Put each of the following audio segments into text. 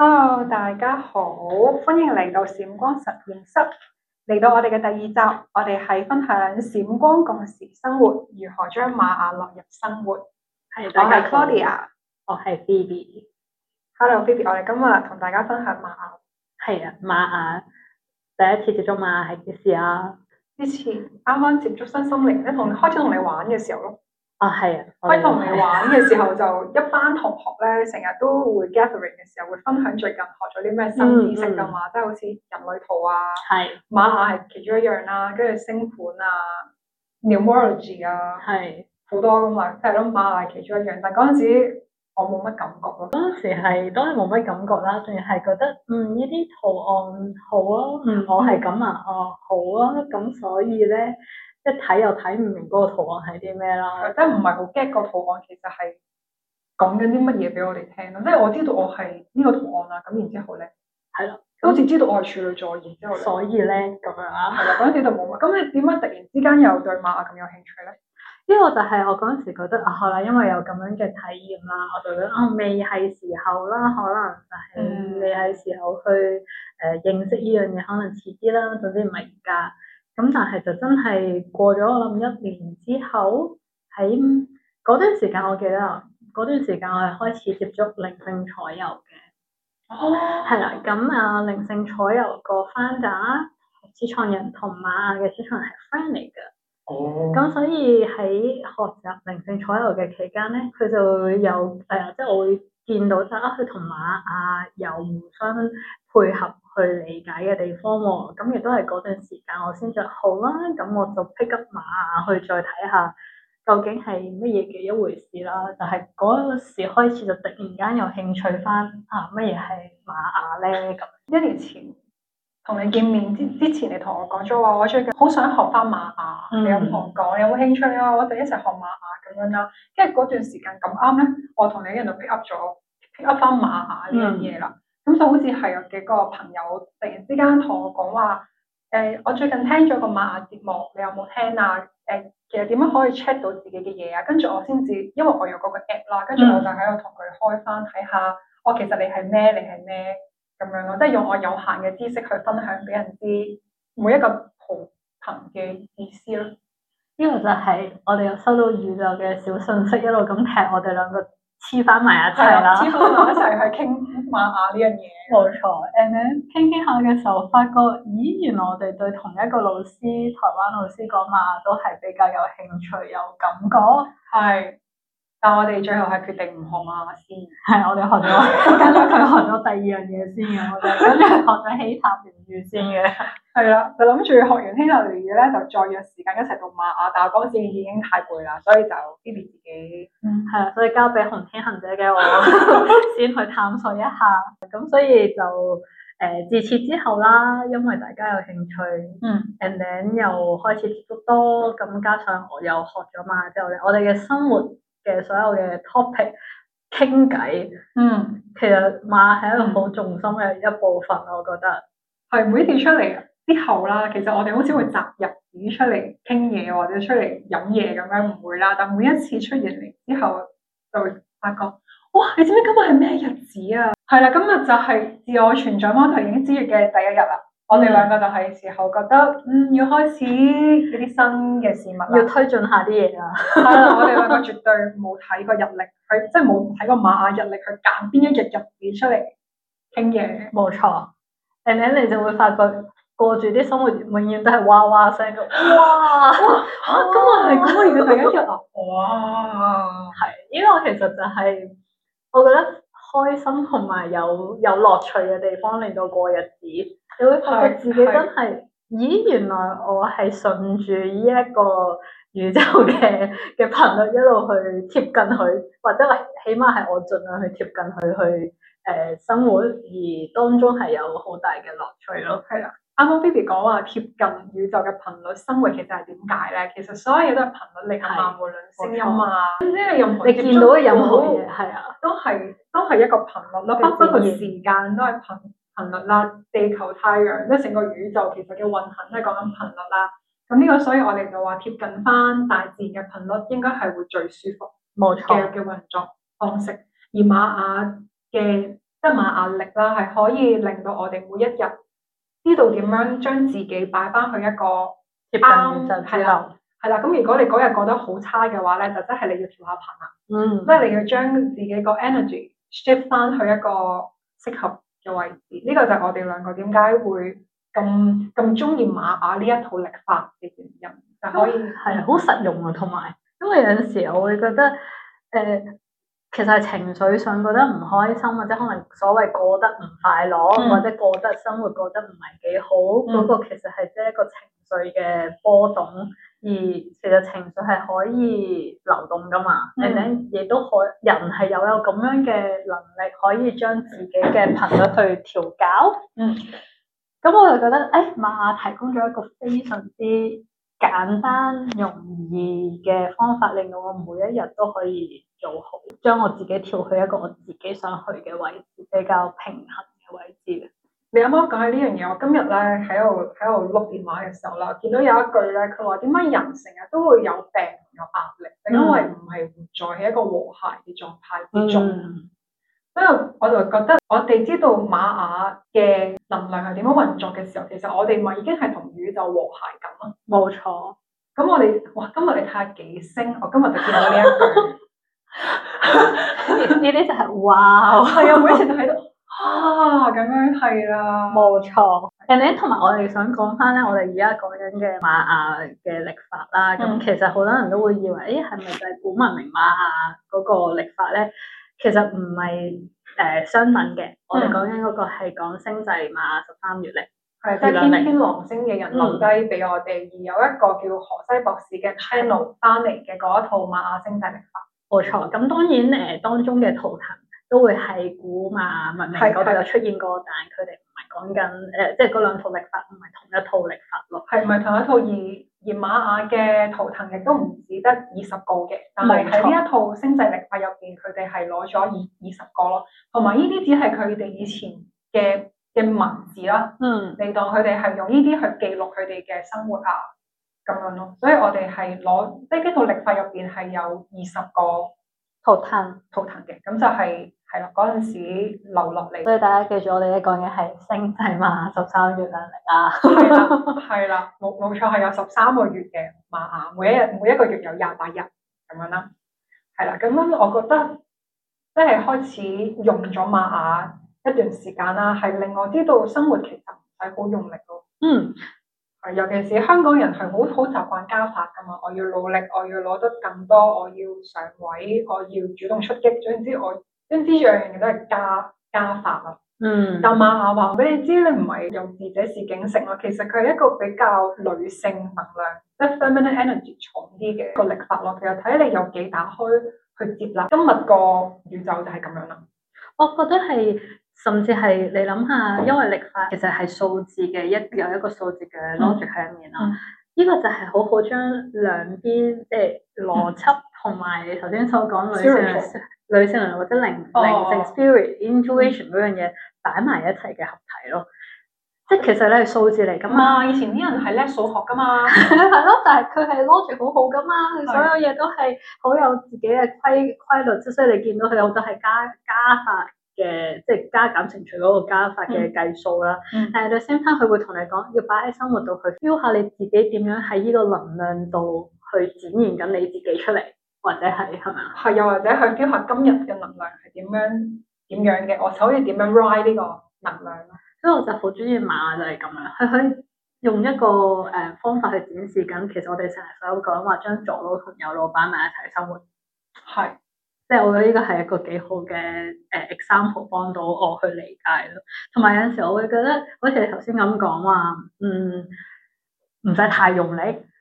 Hello，大家好，歡迎嚟到閃光實驗室，嚟到我哋嘅第二集，我哋係分享閃光共時生活，如何將馬雅落入生活。係、嗯， 我係 Claudia 我係 Phoebe。Hello，Phoebe，我哋今日同大家分享馬雅。係啊， 馬雅第一次接觸馬雅係幾時啊？之前啱啱接觸新心靈咧，同開始同你玩嘅時候咯。啊，係啊！喺同你玩嘅時候，就 一班同學咧，成日都會 gathering 嘅時候，會分享最近學咗啲咩新知識噶嘛，嗯、即係好似人類圖啊，係是，瑪雅係其中一樣啦，跟住星盤啊，neuromology 啊，係、啊，好、um 啊、是多噶嘛，即係咯，馬雅係其中一樣，但係嗰陣時我冇乜感覺咯，嗰陣時係當然冇乜感覺啦，仲要係覺得嗯呢啲圖案好咯，我係咁啊，哦、嗯啊啊、好啊，咁所以咧。一睇又睇唔明嗰個圖案係啲咩啦，即係唔係好 get 個圖案，其實係講緊啲乜嘢俾我哋聽咯，即係我知道我係呢個圖案啦，咁然之後咧係咯，都好似知道我係處女座，然之後所以咧咁樣啊，係啦，嗰陣時就冇乜。咁你點解突然之間又對馬雅咁有興趣咧？呢個就係我嗰陣時覺得啊，因為有咁樣嘅體驗啦，我就覺得啊未係時候啦，可能就係未係時候去誒認識呢樣嘢，可能遲啲啦，總之唔係而家。咁、嗯、但係就真係過咗我諗一年之後，喺嗰段，段時間我記得啊，嗰段時間我係開始接觸靈性彩油嘅。哦、oh.。係啦，咁啊靈性彩油個翻譯，始創人同馬雅嘅始創人係 friend 嚟㗎。哦。咁所以喺學習靈性彩油嘅期間咧，佢就有誒、呃，即係我會見到啦，佢同馬雅又互相配合。去理解嘅地方喎、哦，咁亦都係嗰段時間我先想，好啦，咁我就 pick up 馬雅，去再睇下究竟係乜嘢嘅一回事啦。就係嗰時開始就突然間有興趣翻，啊，乜嘢係馬雅咧？咁一年前同你見面之之前，你同我講咗話，我最近好想學翻馬雅，嗯、你有同我講，有冇興趣啊？我哋一齊學馬雅咁樣啦。因為嗰段時間咁啱咧，我同你一人就 pick up 咗，pick up 翻馬雅呢樣嘢啦。咁就好似係有幾個朋友突然之間同我講話，誒，我最近聽咗個馬雅節目，你有冇聽啊？誒， 其實點樣可以 check 到自己嘅嘢啊？跟住我先至，因為我有嗰個 app 啦，跟住我就喺度同佢開翻睇下，看看我其實你係咩？你係咩咁樣咯？即係用我有限嘅知識去分享俾人知每一個圖騰嘅意思咯。呢個就係我哋又收到宇宙嘅小信息，一路咁踢我哋兩個。黐翻埋一齊啦， 黐翻埋一齊去傾馬雅呢樣嘢。冇錯，and 傾傾下嘅時候，發覺，咦，原來我哋對同一個老師，台灣老師講馬雅都係比較有興趣，有感覺，係。但我哋最後係決定唔學啊先，係我哋學咗跟佢學咗第二樣嘢先嘅，我哋諗住學咗希塔療癒先嘅，係啦，就諗住學完希塔療癒咧就再約時間一齊讀馬雅！但係嗰時已經太攰啦，所以就逼自己，嗯，係啊，所以交俾紅天行者嘅我先去探索一下，咁所以就誒自此之後啦，因為大家有興趣，嗯，And then 又開始接觸得多，咁加上我又學咗嘛，之後我哋嘅生活。嘅所有嘅 topic 傾偈，嗯，其實馬係一個好重心嘅一部分，我覺得係每次出嚟之後啦，其實我哋好似會擇日子出嚟傾嘢，或者出嚟飲嘢咁樣，唔會啦，但每一次出現嚟之後，就會發覺哇，你知唔知今日係咩日子啊？係啦，今日就係自我存在貓頭鷹之月嘅第一日啦。我哋兩個就係時候覺得，嗯，要開始一啲新嘅事物，要推進下啲嘢啦。係啦，我哋兩個絕對冇睇過日曆，佢即係冇睇過馬雅日曆，去揀邊一日日子出嚟傾嘢。冇錯，然後你就會發覺過住啲生活，永遠都係哇哇聲嘅。哇哇嚇！今日係今日係一日啊！哇！係，因為我其實就係我覺得。開心同埋有有樂趣嘅地方，令到過日子，是你會發覺自己真係，咦，原來我係順住呢一個宇宙嘅嘅頻率一路去貼近佢，或者係，起碼係我盡量去貼近佢去誒、呃、生活，而當中係有好大嘅樂趣咯，係啊。啱啱 Bibi 講話貼近宇宙嘅頻率生活，其實係點解咧？其實所有嘢都係頻率嚟嘅嘛，的無論聲音啊，即係錯任何你見到嘅任何嘢，係啊是，的都係都係一個頻率啦。包括個時間都係頻頻率啦，的地球、太陽即係整個宇宙其實嘅運行都係講緊頻率啦。咁呢、嗯、個所以我哋就話貼近翻大自然嘅頻率，應該係會最舒服冇嘅嘅運作方式。錯而馬雅嘅即係馬雅力啦，係可以令到我哋每一日。呢度點樣將自己擺翻去一個就係啦，係啦。咁如果你嗰日覺得好差嘅話咧，就真係你要調下頻啦。嗯，即係你要將自己個 energy shift 翻去一個適合嘅位置。呢、呢個就係我哋兩個點解會咁咁中意馬雅呢一套曆法嘅原因，嗯、就可以係好實用啊，同埋因為有陣時我會覺得誒，呃其實係情緒上覺得唔開心，或者可能所謂過得唔快樂，嗯、或者過得生活過得唔係幾好，嗰、嗯、個其實係即係一個情緒嘅波動。而其實情緒係可以流動噶嘛，你哋亦都可。人係有有咁樣嘅能力，可以將自己嘅頻率去調校。嗯，咁我就覺得，誒、哎，馬雅提供咗一個非常之簡單容易嘅方法，令到我每一日都可以做好，將我自己調去一個我自己想去嘅位置，比較平衡嘅位置。你啱啱講起呢樣嘢，我今日咧喺度喺度碌電話嘅時候啦，見到有一句咧，佢話，點解人成日都會有病有壓力？因為唔係活在喺一個和諧嘅狀態之中。嗯種所以我就覺得，我哋知道瑪雅嘅能量係點樣運作嘅時候，其實我哋咪已經係同宇宙和諧咁咯。冇錯。咁我哋，哇！今日你睇下幾星，我今日就見到呢一句，呢啲就係哇！係啊，每次都睇到啊，咁樣係啦。冇錯。誒，呢，同埋我哋想講翻咧，我哋而家講緊嘅瑪雅嘅曆法啦，咁其實好多人都會以為，誒，係咪就係古文明瑪雅嗰個曆法咧？其實唔係誒，相等嘅。嗯、我哋講緊嗰個係講星際馬雅十三月曆，係即係天天王星嘅人留低俾我哋。嗯、而有一個叫何西博士嘅 channel 翻嚟嘅嗰一套馬雅星際曆法。冇錯，咁當然誒、呃，當中嘅圖騰都會係古馬雅文明嗰度有出現過，但係佢哋唔係講緊誒，即係嗰兩套歷法唔係同一套歷法咯。係唔係同一套二？而馬雅嘅圖騰亦都唔止得二十個嘅，但係喺呢一套星際歷法入邊，佢哋係攞咗二二十個咯。同埋呢啲只係佢哋以前嘅嘅文字啦，嗯，你當佢哋係用呢啲去記錄佢哋嘅生活啊咁樣咯。所以我哋係攞即係呢套歷法入邊係有二十個。圖騰，圖騰嘅，咁就係係啦。嗰陣時流落嚟，所以大家記住我哋講嘅係星際馬雅，十三月亮曆啊，係啦，冇冇錯，係有十三個月嘅瑪雅，每一日每一個月有廿八日咁樣啦，係啦，咁樣我覺得即係開始用咗瑪雅一段時間啦，係令我知道生活其實係好用力咯，嗯。尤其是香港人係好好習慣加法噶嘛，我要努力，我要攞得更多，我要上位，我要主動出擊，總之我總之樣樣嘢都係加加法啊。嗯。但馬雅話俾你知，你唔係用字者，是警醒咯，其實佢係一個比較女性能量，即係 feminine energy 重啲嘅個力法咯。其實睇你有幾打開去接納。今日個宇宙就係咁樣啦。我覺得係。甚至係你諗下，因為曆法其實係數字嘅一有一個數字嘅 logic 喺入面啦。呢、嗯、個就係好好將兩邊即係邏輯同埋你頭先所講女性、哦、女性能或者靈靈性 spirit intuition 嗰、哦、樣嘢擺埋一齊嘅合體咯。即係其實你係數字嚟噶嘛，嗯，以前啲人係叻數學噶嘛，係咯。 但係佢係 logic 好好噶嘛，佢對所有嘢都係好有自己嘅規規律，所以你見到佢有好多係加加法。嘅即係加減乘除嗰個加法嘅計數啦，嗯、但係在 sync time 佢會同你講，要擺喺生活度去 feel 下你自己點樣喺呢個能量度去展現緊你自己出嚟，或者係係咪啊？係又或者去 feel 下今日嘅能量係點樣點樣嘅，我就可以點樣 ride 呢個能量咯。所以我就好中意馬就係、是、咁樣，佢可以用一個誒方法去展示緊，其實我哋成日所講話將左腦同右腦擺埋一齊生活。係。即係我覺得呢個係一個幾好嘅誒 example，幫到我去理解咯。同埋有陣時我會覺得，好似你頭先咁講話，嗯，唔使太用力。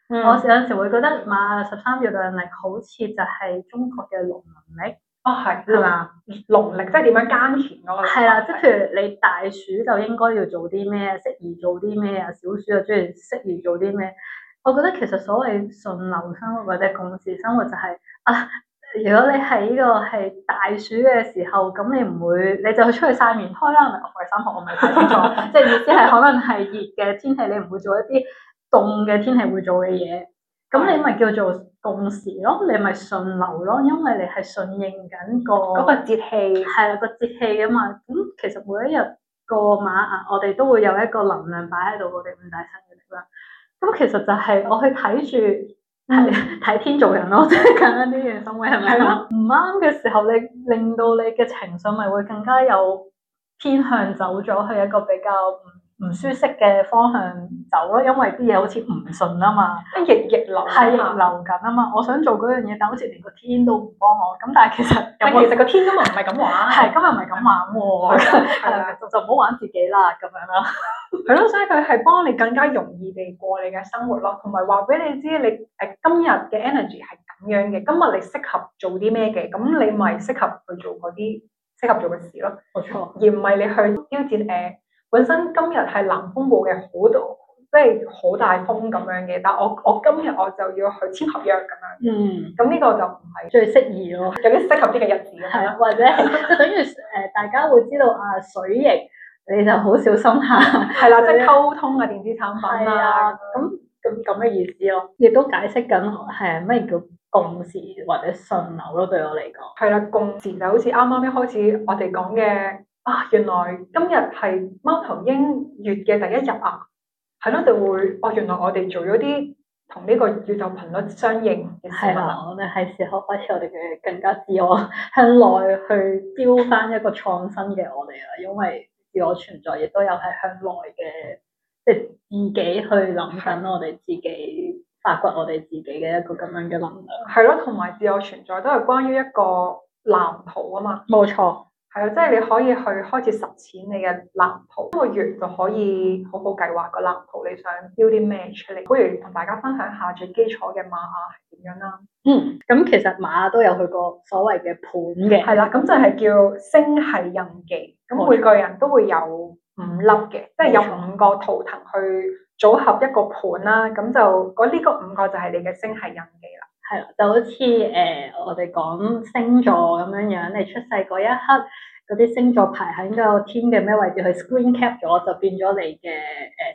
嗯、我有陣時會覺得，哇，十三月亮曆好似就係中國嘅農曆。啊係、哦，係嘛？農曆即係點樣耕田咯？係啦、即、就、係、是、譬如你大暑就應該要做啲咩，適宜做啲咩啊？小暑就中意適宜做啲咩？我覺得其實所謂順流生活或者共時生活就係、是、啊。如果你喺呢個係大暑嘅時候，咁你唔會，你就去出去曬棉胎啦。 我唔係生我唔係睇清楚， 即係意思係可能係熱嘅天氣，你唔會做一啲凍嘅天氣會做嘅嘢。咁你咪叫做共時咯，你咪順流咯，因為你係順應緊、嗰個嗰個節氣，係啊、嗰個節氣啊嘛。咁其實每一日過馬雅，我哋都會有一個能量擺喺度，我哋唔大身嘅力啦。咁其實就係我去睇住。係睇天做人咯，即係簡單啲嘅思維係咪？係咯，唔啱嘅時候，你令到你嘅情緒咪會更加有偏向，走咗去一個比較唔唔舒適嘅方向走咯。因為啲嘢好似唔順啊嘛，即係逆逆流係逆流緊啊嘛。我想做嗰樣嘢，但好似連個天都唔幫我。咁但係其實其實個天今日唔係咁玩，係今日唔係咁玩喎。係就就唔好玩自己啦，咁樣啦。係咯，所以佢係幫你更加容易地過你嘅生活咯，同埋話俾你知你誒今日嘅 energy 係咁樣嘅，今日你適合做啲咩嘅，咁你咪適合去做嗰啲適合做嘅事咯。冇錯，而唔係你去挑戰誒、呃、本身今日係冷風暴嘅好多，即係好大風咁樣嘅，但係我我今日我就要去簽合約咁樣。嗯，咁呢個就唔係最適宜咯，有啲適合啲嘅日子，係或者 等於誒、呃、大家會知道啊水逆。你就好小心下，係啦了，了即係溝通啊，電子產品啦、啊，咁咁咁嘅意思咯。亦都解釋緊係咩叫共時或者順流咯，對我嚟講。係啦、啊，共時就好似啱啱一開始我哋講嘅，啊，原來今日係貓頭鷹月嘅第一日啊，係咯，就會哦，原來我哋做咗啲同呢個宇宙頻率相應嘅事物。係啦、啊，我哋係時候開始我哋嘅更加自我向內去飆返一個創新嘅我哋啦，因為。自我存在亦都有係向內嘅，即係自己去諗緊我哋自己，發掘我哋自己嘅一個咁樣嘅能量。係咯，同埋自我存在都係關於一個藍圖啊嘛。冇錯。 係，即係你可以去開始實踐你嘅藍圖，今個月就可以好好計劃個藍圖，你想標啲咩出嚟？不如同大家分享下最基礎嘅馬雅係點樣啦。嗯，咁其實馬雅都有佢個所謂嘅盤嘅，係啦，嗯，咁就係叫星系印記，咁每個人都會有五粒嘅，即係有五個圖騰去組合一個盤啦。咁就呢個五個就係你嘅星系印記啦。係啦， 就好似誒、呃，我哋講星座咁樣樣，嗯、你出世嗰一刻，嗰啲星座排喺個天嘅咩位置，佢 screen cap 咗，就變咗你嘅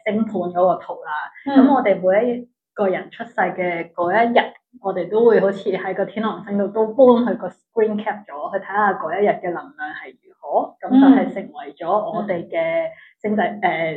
誒星盤嗰個圖啦。咁、嗯、我哋每一個人出世嘅嗰一日，我哋都會好似喺個天狼星度都搬佢個 screen cap 咗，去睇下嗰一日嘅能量係如何，咁就係成為咗我哋嘅星際誒、嗯嗯呃、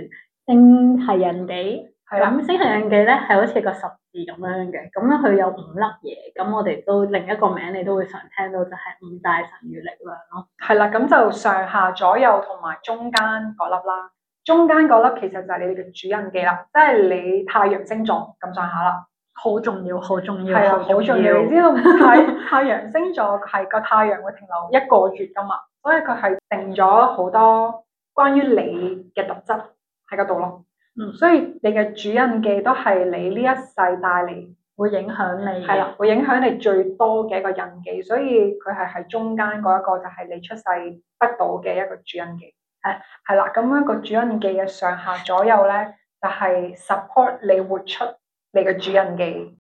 星系印記。咁的星系印記咧，係好似個十，咁樣嘅，咁咧佢有五粒嘢，咁我哋都另一個名，你都會常聽到就係、是、五大神諭力量咯。係啦，咁就上下左右同埋中間嗰粒啦。中間嗰粒其實就係你哋嘅主印記啦，即、就、係、是、你太陽星座咁上下啦，好重要，好重要，係啊，好重要。你知道太太陽星座係個太陽會停留一個月噶嘛？所以佢係定咗好多關於你嘅特質喺嗰度咯。嗯，所以你嘅主印記都係你呢一世帶嚟，會影響你，係啦，會影響你最多嘅一個印記，所以佢係喺中間嗰一個就係你出世不到嘅一個主印記。誒，係啦，咁、那、樣，個主印記嘅上下左右咧，就係、是、support 你活出你嘅主印記。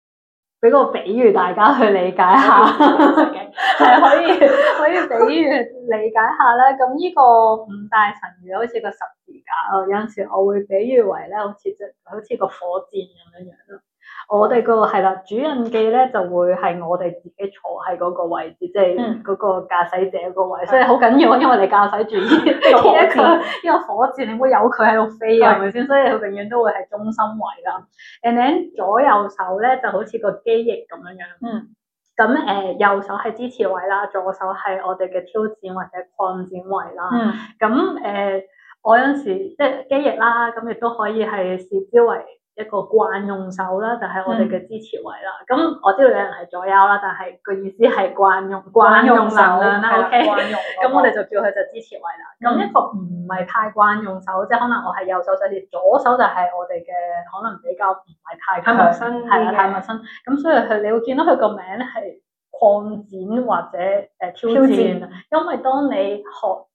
俾個比喻大家去理解下，係 可以可以比喻理解下咧。咁呢個五大神諭好似個十。有陣時我會比喻為咧，好似即好似個火箭咁樣樣咯。我哋個係啦，主人機咧就會係我哋自己坐喺嗰個位置，即係嗰個駕駛者個位。嗯、所以好緊要，因為你駕駛住呢個呢個火箭， 火箭你唔好由佢喺度飛，係咪先？所以佢永遠都會係中心位啦。And then 左右手咧就好似個機翼咁樣樣。嗯。咁誒、呃，右手係支持位啦，左手係我哋嘅挑戰或者擴展位啦。嗯。咁誒、嗯？我有時即係機翼啦，咁亦都可以係視之為一個慣用手啦，就係、是、我哋嘅支持位啦。咁、嗯、我知道有人係左右啦，但係個意思係慣用慣用，慣用手啦。O okay K，用。咁、嗯、我哋就叫佢就支持位啦。咁、嗯、一個唔係太慣用手，即係可能我係右手勢裂，左手就係我哋嘅可能比較唔係太強身，係啊太陌生。咁所以佢你會見到佢個名咧係擴展或者誒挑戰，挑戰因為當你學。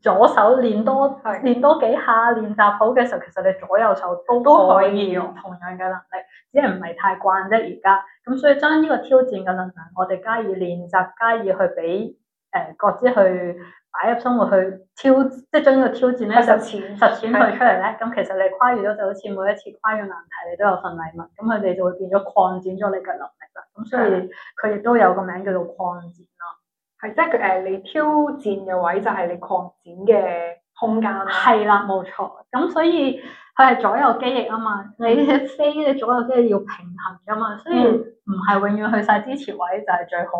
左手練多練多幾下，練習好嘅時候，其實你左右手都，可以，都可以用同樣嘅能力，只係唔係太慣啫。而家咁所以將呢個挑戰嘅能量，我哋加以練習，加以去俾誒、呃、各自去擺入生活去挑，即係將呢個挑戰咧實實踐佢出嚟咧。咁的其實你跨越咗就好似每一次跨越難題，你都有份禮物。咁佢哋就會變咗擴展咗你嘅能力啦。咁所以佢亦都有個名叫做擴展咯。係，即係誒，你挑戰嘅位就係你擴展嘅空間啦。係啦，冇 錯。咁所以佢係左右機翼啊嘛，你飛，你左右機翼要平衡噶嘛，所以唔係永遠去晒支持位就係最好，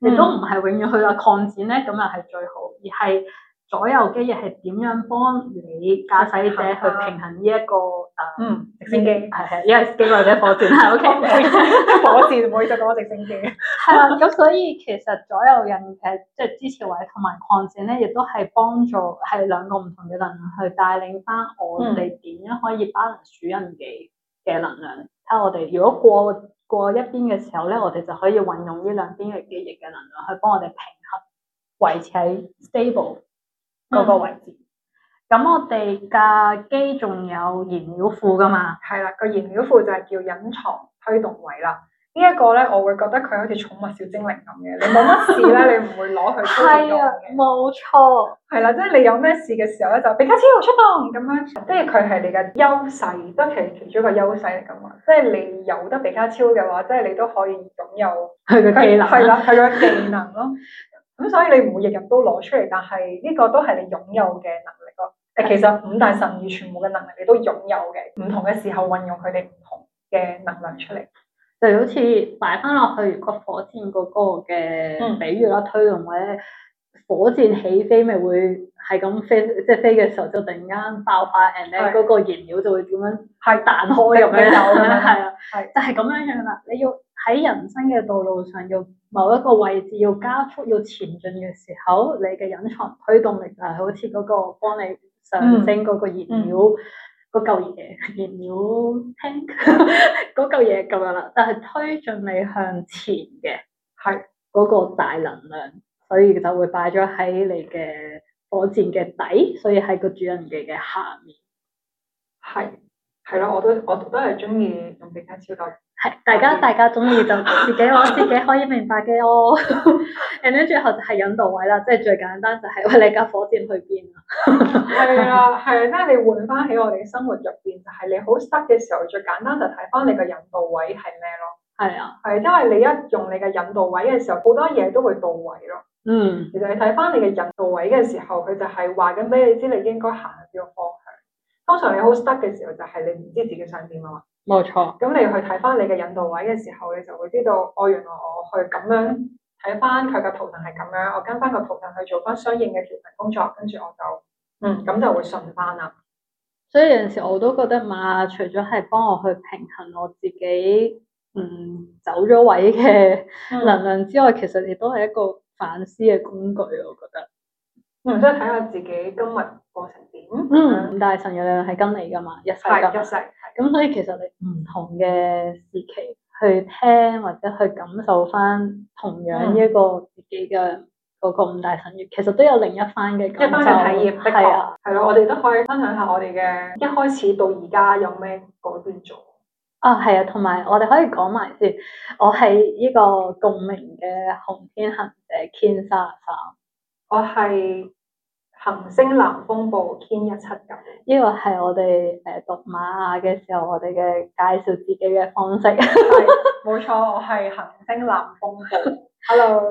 亦都唔係永遠去到擴展咧，咁又係最好，而係。左右機翼係點樣幫你駕駛者去平衡呢、這、一個誒直升機？係係，因為機或者火箭啦，O K，火箭唔好意思講直升機。係啦，咁所以其實左右引擎即係支持位同埋擴展咧，亦都係幫助係兩個唔同嘅能量去帶領翻我哋點、嗯、樣可以 balance 主人嘅嘅能量。睇下我哋如果過過一邊嘅時候咧，我哋就可以運用呢兩邊嘅機翼嘅能量去幫我哋平衡，維持喺 stable。個個位置，咁、嗯、我哋架機仲有燃料庫噶嘛？係啦，個燃料庫就係叫隱藏推動位啦。呢、這、一個咧，我會覺得佢好似寵物小精靈咁嘅， 你冇乜事咧，你唔會攞佢推動嘅。冇 錯。係啦，即係你有咩事嘅時候咧，就比卡超出動咁樣。即係佢係你嘅優勢，即係最主要一個優勢嚟噶嘛。即、就、係、是、你有得比卡超嘅話，即、就、係、是、你都可以擁有佢嘅技能，係啦， 佢嘅技能咯。 咁所以你每日日都攞出嚟，但係呢個都係你擁有嘅能力咯。誒，是的 其實五大神諭全部嘅能力你都擁有嘅，唔同嘅時候運用佢哋唔同嘅能量出嚟。就好如好似擺翻落去個火箭個嘅比喻啦，推動或者火箭起飛咪會係咁飛，即係飛嘅時候就突然間爆發，and 的個燃料就會點樣，係彈開咁樣有咧，係啊，係，就係咁樣樣啦，你要喺人生嘅道路上要。某一個位置要加速要前進嘅時候，你嘅隱藏推動力就係好似嗰個幫你上升嗰個燃料，嗯嗯、個嚿嘢燃料 tank 嗰嚿嘢咁樣啦，但係推進你向前嘅係嗰個大能量，所以就會擺咗喺你嘅火箭嘅底，所以喺個主人機嘅下面。係。 係咯，我都我都係中意用比多大家交流。係 大家大家中意就自己我自己可以明白嘅咯，哦。然 後最後就係引導位啦，即係最簡單就係、是，餵你架火箭去邊啊。係 啊，係即係你換翻喺我哋嘅生活入邊，就係、是，你好塞嘅時候，最簡單就睇翻你嘅引導位係咩咯。係啊，係因為你一用你嘅引導位嘅時候，好多嘢都會到位咯。嗯，其實你睇翻你嘅引導位嘅時候，佢就係話緊俾你知你應該行嘅方向。通常你好 stuck 嘅時候，就係你唔知自己想點啊嘛。冇錯。咁你去睇翻你嘅引導位嘅時候，你就會知道，哦，原來我去咁樣睇翻佢嘅圖騰係咁樣，我跟翻個圖騰去做翻相應嘅調頻工作，跟住我就，就嗯，咁就會順翻啦。所以有陣時我都覺得嘛，除咗係幫我去平衡我自己，嗯，走咗位嘅能量之外，嗯，其實亦都係一個反思嘅工具，我覺得。唔知睇下自己今日過程點？ 嗯，五大神月亮係跟你噶嘛？ 一世隔一世，咁所以其實你唔同嘅時期去聽或者去感受翻同樣一個自己嘅嗰個五大神月，嗯、其實都有另一番嘅感受體驗。係就確啊，係咯、啊，我哋都可以分享下我哋嘅一開始到而家有咩改變咗啊？係啊，同埋我哋可以講埋先。我係呢個共鳴嘅紅天行者 k i 我係行星藍風暴 Kin 一七九。呢個係我哋誒讀馬雅嘅時候，我哋嘅介紹自己嘅方式。冇 錯，我係行星藍風暴。 Hello，誒，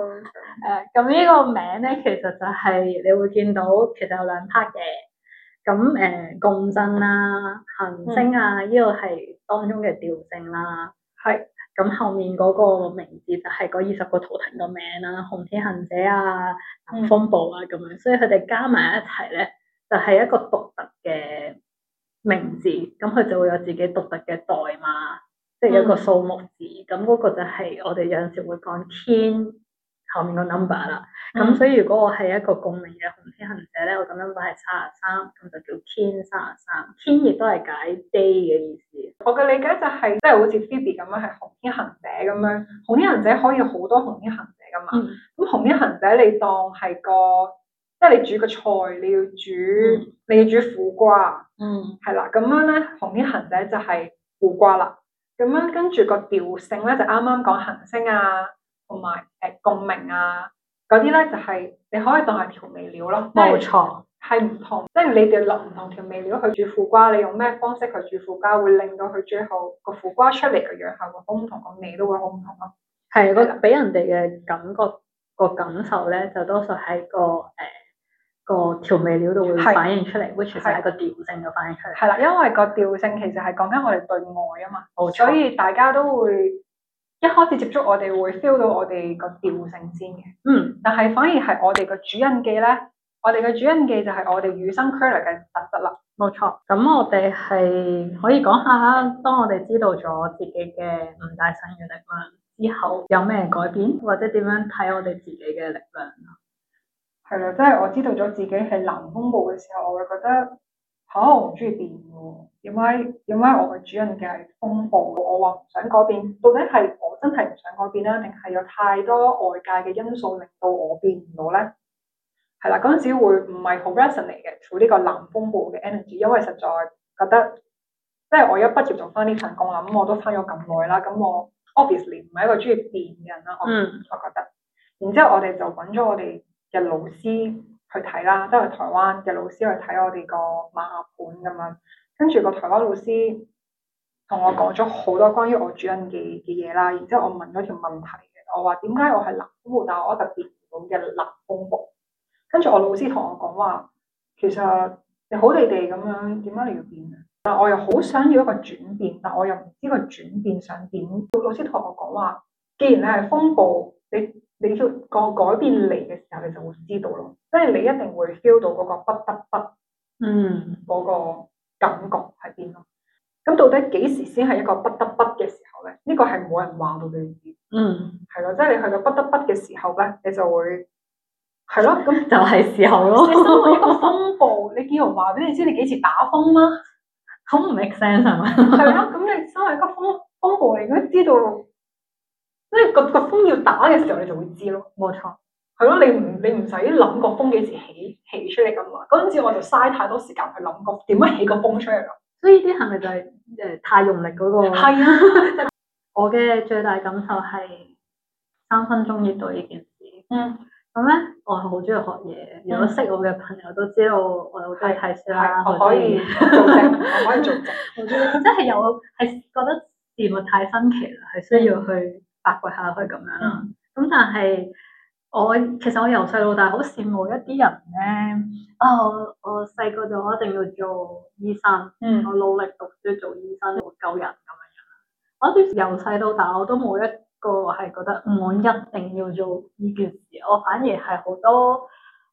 咁呢、uh, 個名咧，其實就係、是、你會見到，其實有兩 part 嘅。咁誒、呃，共振啦、啊，行星啊，呢、嗯、個係當中嘅調性啦，係。咁後面嗰個名字就係嗰二十個圖騰個名啦，紅天行者啊，藍、嗯、風暴啊咁樣，所以佢哋加埋一齊咧，就係、是、一個獨特嘅名字，咁佢就會有自己獨特嘅代碼，即係有個數目字，咁嗰、嗯、個就係我哋有陣時會講 Kin，後面個 number 啦。咁、嗯、所以如果我係一個共鳴嘅紅天行者咧，我咁樣擺係卅三，咁就叫天卅三。天亦都係解 day 嘅意思。我嘅理解就係、是，即係好似 Phoebe 咁樣係紅天行者咁樣，紅天行者可以好多紅天行者噶嘛。咁、嗯、紅天行者你當係個，即係你煮個菜你要煮，嗯、你要煮苦瓜。嗯，係啦，咁樣咧紅天行者就係苦瓜啦。咁樣跟住個調性咧，就啱啱講行星啊，同埋誒共鳴啊。嗰啲咧就係、是、你可以當係調味料咯，冇錯是，係唔同，即係你哋落唔同調味料去煮苦瓜，你用咩方式去煮苦瓜，會令到佢最後個苦瓜出嚟嘅藥效個風同個味都會好唔同咯。係個俾人哋嘅感覺個的感受咧，就多數係個誒、呃、個調味料度會反映出嚟的，which 就係個調性嘅反映出嚟。係啦的，因為個調性其實係講緊我哋對外啊嘛，錯所以大家都會。一開始接觸我哋會 feel 到我哋個調性先嘅，嗯，但係反而係我哋個主印記咧，我哋嘅主印記就係我哋與生俱來嘅特質啦。冇錯。咁我哋係可以講下，當我哋知道咗自己嘅五大信源力量之後，有咩改變或者點樣睇我哋自己嘅力量？係啦，即係我、就是、我知道咗自己係藍風暴嘅時候，我會覺得好唔鍾意變咯。點解點解我嘅主人嘅係風暴？我話唔想改變，到底係我真係唔想改變啦？定係有太多外界嘅因素令到我變唔到咧？係啦，嗰陣時會唔係好 rational 嘅做呢個南風暴嘅 energy，因為實在覺得即係我一畢業就翻呢份工啊，咁我都翻咗咁耐啦，咁我 obviously 唔係一個中意變人啦。嗯，我覺得。嗯、然之後我哋就揾咗我哋嘅老師去睇啦，都係台灣嘅老師去睇我哋個馬雅盤咁樣。跟住個台灣老師同我講咗好多關於我主人嘅嘅嘢啦，然之後我問咗條問題嘅，我話點解我係南風暴，但係我特別唔到嘅南風暴。跟住我老師同我講話，其實你好地地咁樣，點解你要變呀？但我又好想要一個轉變，但我又唔知個轉變想點。老師同我講話，既然你係風暴，你你個改變嚟嘅時候，你就會知道咯，即係你一定會 feel 到嗰個不得不，嗯，嗰個感覺喺邊咯？咁到底幾時先係一個不得不嘅時候咧？呢、這個係冇人話到嘅意義。嗯，係咯，即係你去到不得不嘅時候咧，你就會係咯。咁就係時候咯。你身為一個風暴，你幾時話俾你知你幾時打風啦，好唔 make sense 係嘛？係咯，咁你身為一個風風暴，你應該知道，即、那、係個個風要打嘅時候，你就會知咯。冇錯。係咯，你唔你唔使諗個風幾時起起出嚟，咁啊！嗰陣時我就嘥太多時間去諗個點樣起個風出嚟咯。所以呢啲係咪就係誒，太用力嗰個？係 啊！我嘅最大感受係三分鐘熱度呢件事。嗯，咁呢？我係好中意學嘢，如果識我嘅朋友都知道我係好中意睇書啦。嗯啊，我可以做嘅， 可以做嘅，我真係係有係覺得事物太新奇啦，係需要去發掘下可以咁樣。咁、嗯、但係。我其實我由細到大好羨慕一啲人咧，啊我我細個就一定要做醫生，嗯、我努力讀書做醫生，救人咁樣樣。我自從由細到大我都冇一個係覺得我一定要做呢件事，我反而係好多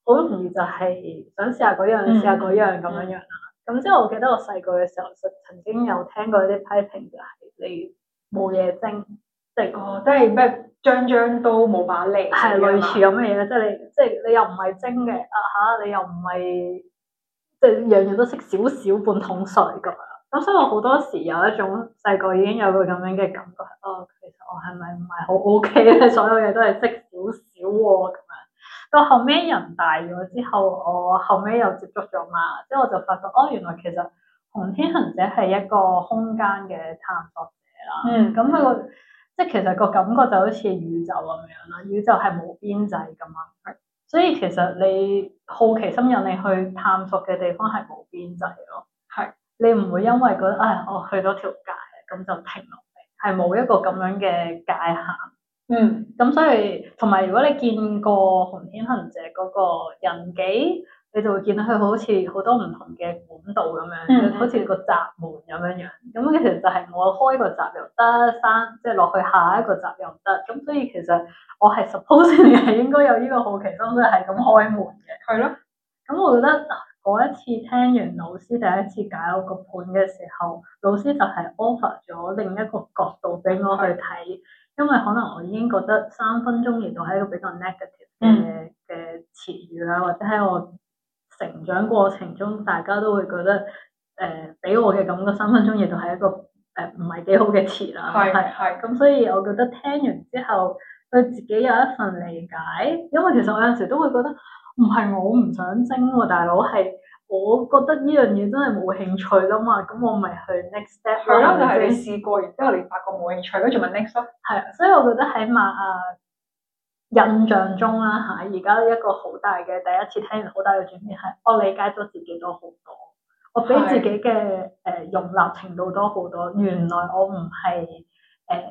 好容易就係想試下嗰樣，試下嗰樣咁樣樣啦。咁、嗯、即係我記得我細個嘅時候，曾曾經有聽過一啲批評就係、是、你冇野心。哦，即係咩？章章都冇把力，係、嗯、吧類似咁嘅嘢咧。即係你，即係你又唔係精嘅，啊吓，你又唔係，即係樣樣都識少少半桶水咁樣。咁所以我好多時有一種細個已經有個咁樣嘅感覺，哦，其實我係咪唔係好 OK 咧？ 所有嘢都係識少少喎，咁樣。到後尾人大咗之後，我後尾又接觸咗嘛。即係我就發覺，哦，原來其實紅天行者係一個空間嘅探索者啦。嗯，咁佢、嗯。嗯嗯即係其實個感覺就好似宇宙咁樣啦，宇宙係冇邊際噶嘛，所以其實你好奇心引你去探索嘅地方係冇邊際咯，係是你唔會因為覺得啊我、哎哦、去咗條界咁就停落嚟，係冇一個咁樣嘅界限。嗯，咁所以同埋如果你見過《紅天行者》嗰個人機。你就會見到佢好似好多唔同嘅管道咁樣，嗯、好似個閘門咁樣樣。咁、嗯嗯、其實就係我開個閘又得生，即係落去下一個閘又得。咁所以其實我係 suppose 你係應該有呢個好奇心都係咁開門嘅。係咯的。咁我覺得嗱，嗰一次聽完老師第一次解我個盤嘅時候，老師就係 offer 咗另一個角度俾我去睇，的因為可能我已經覺得三分鐘而到係一個比較 negative 嘅嘅詞語啦，或者喺我。嗯成長過程中，大家都會覺得，誒，俾我嘅感覺三分鐘，亦都係一個誒唔係幾好嘅詞啦。係係。咁所以，我覺得聽完之後，對自己有一份理解。因為其實我有時都會覺得，唔係我唔想精喎，大佬係，我覺得呢樣嘢真係冇興趣㗎嘛。咁我咪去 next step。係啦，就係你試過，然之後你發覺冇興趣，跟住問 next。係啊，所以我覺得起碼啊？印象中啦吓，而家一個好大嘅第一次聽完，好大嘅轉變係，我理解咗自己多好多，我俾自己嘅，誒，容納程度多好多。原來我唔係誒，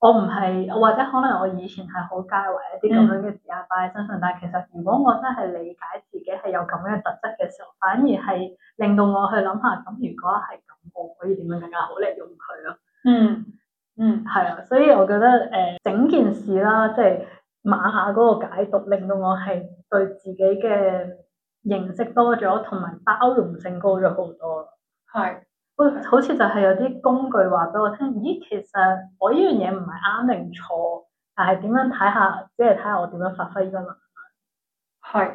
我唔係或者可能我以前係好介懷一啲咁樣嘅字眼擺喺身上，嗯、但係其實如果我真係理解自己係有咁樣嘅特質嘅時候，反而係令到我去諗下，咁如果係咁，我可以點樣更加好利用佢咯，嗯。嗯嗯，係啊，所以我覺得誒、呃，整件事啦，即係。馬下嗰個解讀令到我係對自己嘅認識多咗，同埋包容性高咗好多。係，好似就係有啲工具話俾我聽，咦，其實我呢樣嘢唔係啱定錯，但係點樣睇下，即係睇下我點樣發揮噶嘛。係，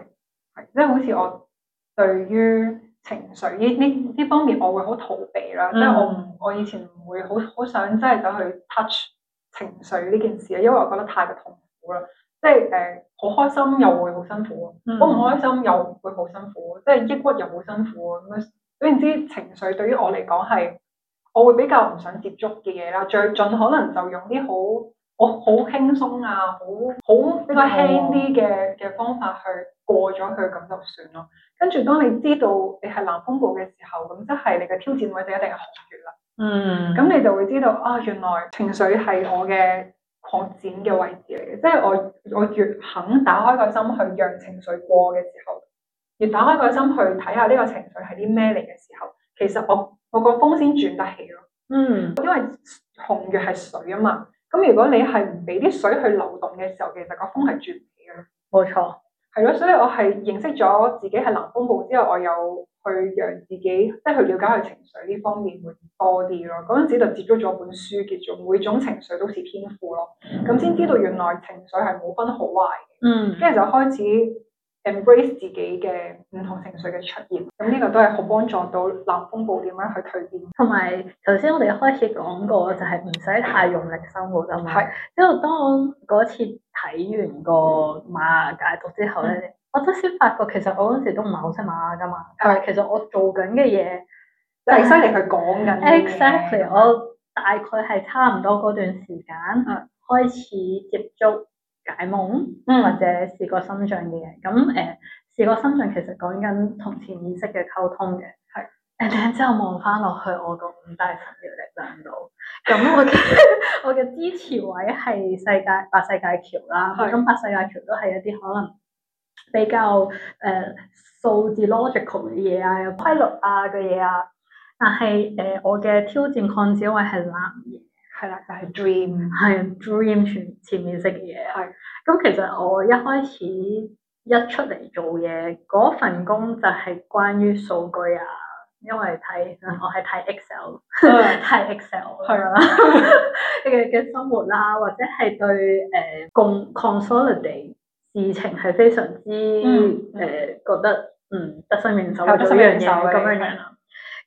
係，即係好似我對於情緒呢呢呢方面，我會好逃避啦，即係，嗯，我唔，我以前唔會好好想真係走去 touch 情緒呢件事啊，因為我覺得太過痛。即係誒，好、呃、開心又會好辛苦，好唔、嗯、開心又會好辛苦，即係抑鬱又好辛苦咁啊。總之情緒對於我嚟講係，我會比較唔想接觸嘅嘢啦，最盡可能就用啲好，我好輕鬆啊，好好呢個輕啲嘅嘅方法去過咗佢咁就算咯。跟住當你知道你係藍風暴嘅時候，咁即係你嘅挑戰位就一定係紅月啦。嗯，咁你就會知道啊，原來情緒係我嘅。擴展嘅位置嚟嘅，即係我我越肯打開個心去讓情緒過嘅時候，越打開個心去睇下呢個情緒係啲咩嚟嘅時候，其實我我個風先轉得起咯。嗯，因為紅月係水啊嘛，咁如果你係唔俾啲水去流動嘅時候，其實個風係轉唔起嘅咯。冇錯。係咯，所以我係認識咗自己係藍風暴之後，我又去讓自己即係去了解佢情緒呢方面會多啲咯。嗰陣時就接觸咗本書，叫做《每種情緒都是天賦》咯，咁先知道原來情緒係冇分好壞嘅，跟住、嗯、就開始，Embrace 自己嘅唔同情緒嘅出現，咁呢個都係好幫助到藍風暴點樣去蛻變。同埋頭先我哋開始講過就係唔使太用力生活啫嘛。係是，因為當我嗰次睇完個馬雅解讀之後咧，嗯、我即先發覺其實我嗰陣時都唔係好識馬雅噶嘛。係的，其實我做緊嘅嘢，最犀利佢講緊。Exactly，我大概係差唔多嗰段時間開始接觸。嗯解夢，或者視覺心象嘅嘢。咁誒，視覺心象其實講緊同潛意識嘅溝通嘅，係。誒，之後望翻落去我個五大神諭力量度。咁我嘅 我嘅支持位係世界白世界橋啦。咁白的世界橋都係一啲可能比較誒、呃、數字 logical 嘅嘢啊，有規律啊嘅嘢啊。但係誒、呃，我嘅挑戰擴展位係藍夜。係啦，就係、是、dream，係 dream 全全面式嘅嘢。係的，咁其實我一開始一出嚟做嘢，嗰份工就係關於數據啊，因為睇我係睇 Excel，睇 Excel 係啦，嘅嘅生活啦，或者係對誒、呃、共 consolidate 事情係非常之誒、嗯呃、覺得嗯得心應手嘅幾樣嘢咁樣樣啦。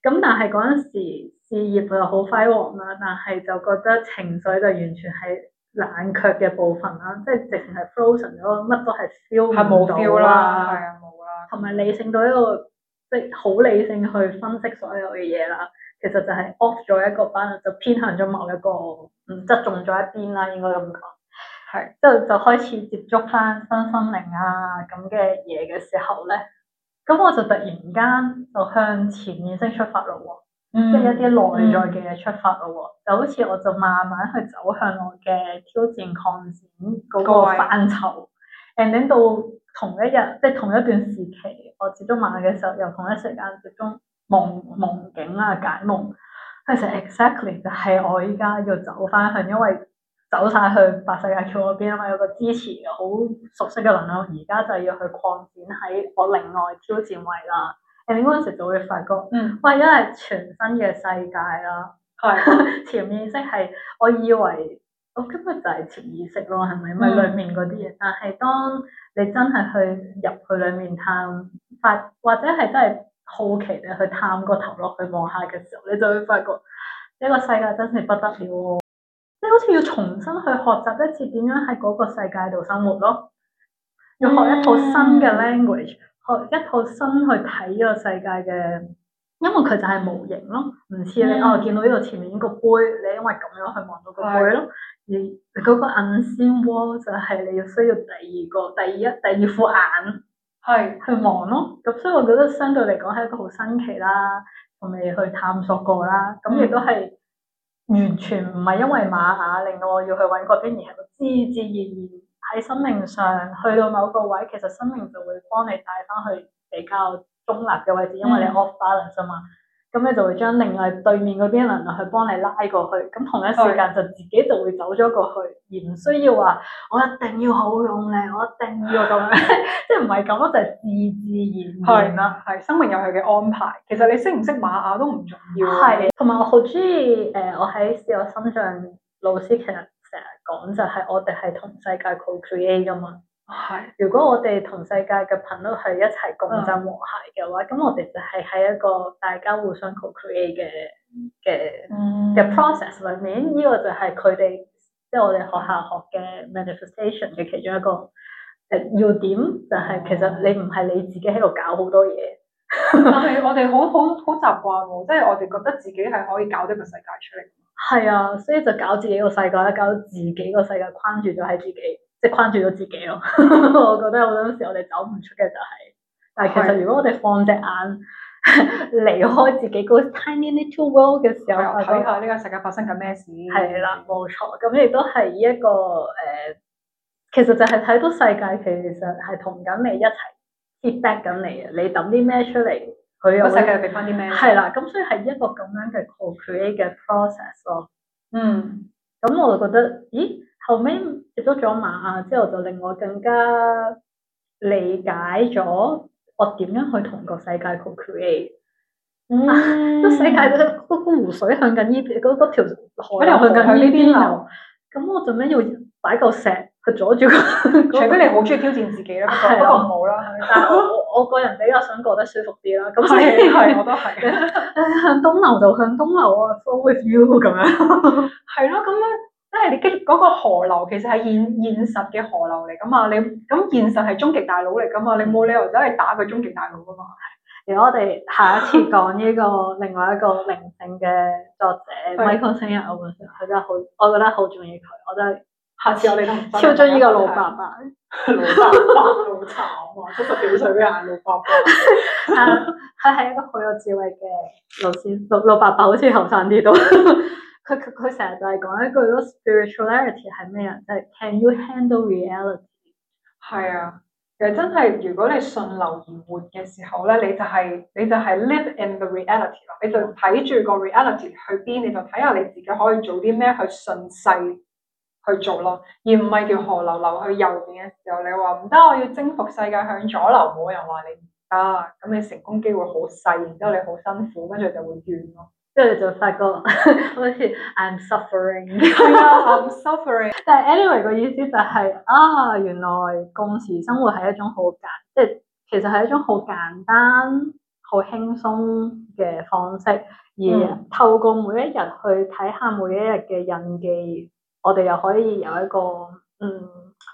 咁的、嗯、但係嗰陣時。事業又好輝煌啦，但係就覺得情緒就完全係冷卻嘅部分啦，即係淨係 frozen 咗，乜都係燒唔到啦，係啊，冇啦，同埋理性到一個，即係好理性去分析所有嘅嘢啦，其實就係 off 咗一個 balance，就偏向咗某一個，唔側重咗一邊啦，應該咁講。係是，之後就開始接觸翻身心靈啊咁嘅嘢嘅時候咧，咁我就突然間就向潛意識出發啦喎。嗯、即係一啲內在嘅嘢出發咯，嗯、就好似我就慢慢去走向我嘅挑戰擴展嗰個範疇、嗯、，and then, 到同一日，即係同一段時期，我接觸馬嘅時候，又同一時間接觸夢夢境啊解夢，即、就、係、是、exactly 就係我依家要走翻去，因為走晒去白世界橋嗰邊啊嘛，有個支持嘅好熟悉嘅能量，而家就要去擴展喺我另外挑戰位啦。你嗰陣時就會發覺，哇！真係全新嘅世界啦。嗯、 潛意識係我以為，我根本就係潛意識咯，係咪？咪、嗯、裡面嗰啲嘢。但係當你真係去入去裡面探，發或者係真係好奇地去探個頭落去望下嘅時候，你就會發覺呢、呢個世界真係不得了喎！即係好似要重新去學習一次點樣喺嗰個世界度生活咯，要學一套新嘅 language、嗯。一套身去睇呢個世界嘅，因為佢就係模型咯，唔似你、嗯、哦見到呢個前面一個杯，你因為咁樣去望到個杯咯，是而嗰個 unseen world 就係你要需要第二個、第二一、第二副眼去望咯。咁是、嗯、所以我覺得相對嚟講係一個好新奇啦，我未去探索過啦。咁亦都係完全唔係因為馬雅令到我要去揾嗰邊，而係個自自然然。喺生命上去到某個位，其實生命就會幫你帶翻去比較中立嘅位置，因為你 off balance 啊、嗯、嘛，咁你就會將另外對面嗰邊能量去幫你拉過去，咁同一時間就自己就會走咗過去，是而唔需要話我一定要好用力，我一定要咁 樣，即係唔係咁咯，就係、是、自自然然啦，係生命有佢嘅安排。其實你識唔識馬雅都唔重要。係。同埋我好中意誒，我喺試我身上老師其實。講就係我哋係同世界 co-create 噶嘛，係的，如果我哋同世界嘅頻率係一齊共振和諧嘅話，咁、嗯、我哋就係喺一個大家互相 co-create 嘅嘅嘅、嗯、process 裏面，呢、這個就係佢哋即係我哋學校學嘅 manifestation 嘅其中一個誒要點就係、是、其實你唔係你自己喺度搞好多嘢，係、就是、我哋好好好習慣，即係我哋覺得自己係可以搞呢個世界出嚟。係啊，所以就搞自己個世界，啦。搞自己個世界框住咗喺自己，即係框住咗自己咯。我覺得好多時我哋走唔出嘅就係、是，但係其實如果我哋放隻眼離開自己嗰 tiny little world 嘅時候，睇下呢個世界發生緊咩事。係啦，冇錯，咁、嗯、亦都係一個誒、呃，其實就係睇到世界其實係同緊你一齊 feedback 緊你嘅，你抌啲咩出嚟？佢又世界俾翻啲咩咧？係啦，咁所以係一個咁樣嘅 co-create 嘅 process 咯。嗯，咁、嗯、我就覺得，咦，後尾 r 咗咗馬啊，之後就令我更加理解咗我點樣去同個世界 co-create 嗯，個 世界嗰嗰個湖水向緊呢邊，嗰嗰條河向向呢邊流，咁我做咩要擺嚿石？佢阻住佢，那個，除非你好中意挑戰自己啦，不過，的不過我冇啦。但係我我個人比較想過得舒服啲啦。咁所以係我都係向東流就向東流啊 Follow with you 咁樣。係 咯，咁樣即係你激嗰個河流，其實係現現實嘅河流嚟噶嘛？你咁現實係終極大佬嚟噶嘛？你冇理由走去打佢終極大佬噶嘛？而 我哋下一次講呢，這個另外一個靈性嘅作者 Michael Singer，我覺得佢真係好，我覺得好中意佢，我覺得。下次我哋超中意個老伯伯，老伯伯好慘啊！七十幾歲都係老伯伯。佢係一個好有智慧嘅老師，老老伯伯好似後生啲多。佢佢佢成日就係講一句嗰 spirituality 係咩啊？就係 Can you handle reality？係啊，其實真係如果你順流而活嘅時候咧，你就係、係、你就係 live in the reality 啦。你就睇住個 reality 去邊，你就睇下你自己可以做啲咩去順勢。去做咯，而唔係條河流流去右邊嘅時候，你話唔得，我要征服世界向左流，冇人話你唔得，咁你成功機會好細，然之後你好辛苦，跟住就會怨咯，之後你就發覺 好似 I'm suffering，係 啊，I'm suffering， 但係 anyway 個意思就係、是、啊，原來共時生活係一種好簡，即、就、係、是、其實係一種好簡單、好輕鬆嘅方式，而透過每一日去睇下每一日嘅印記。我哋又可以有一個嗯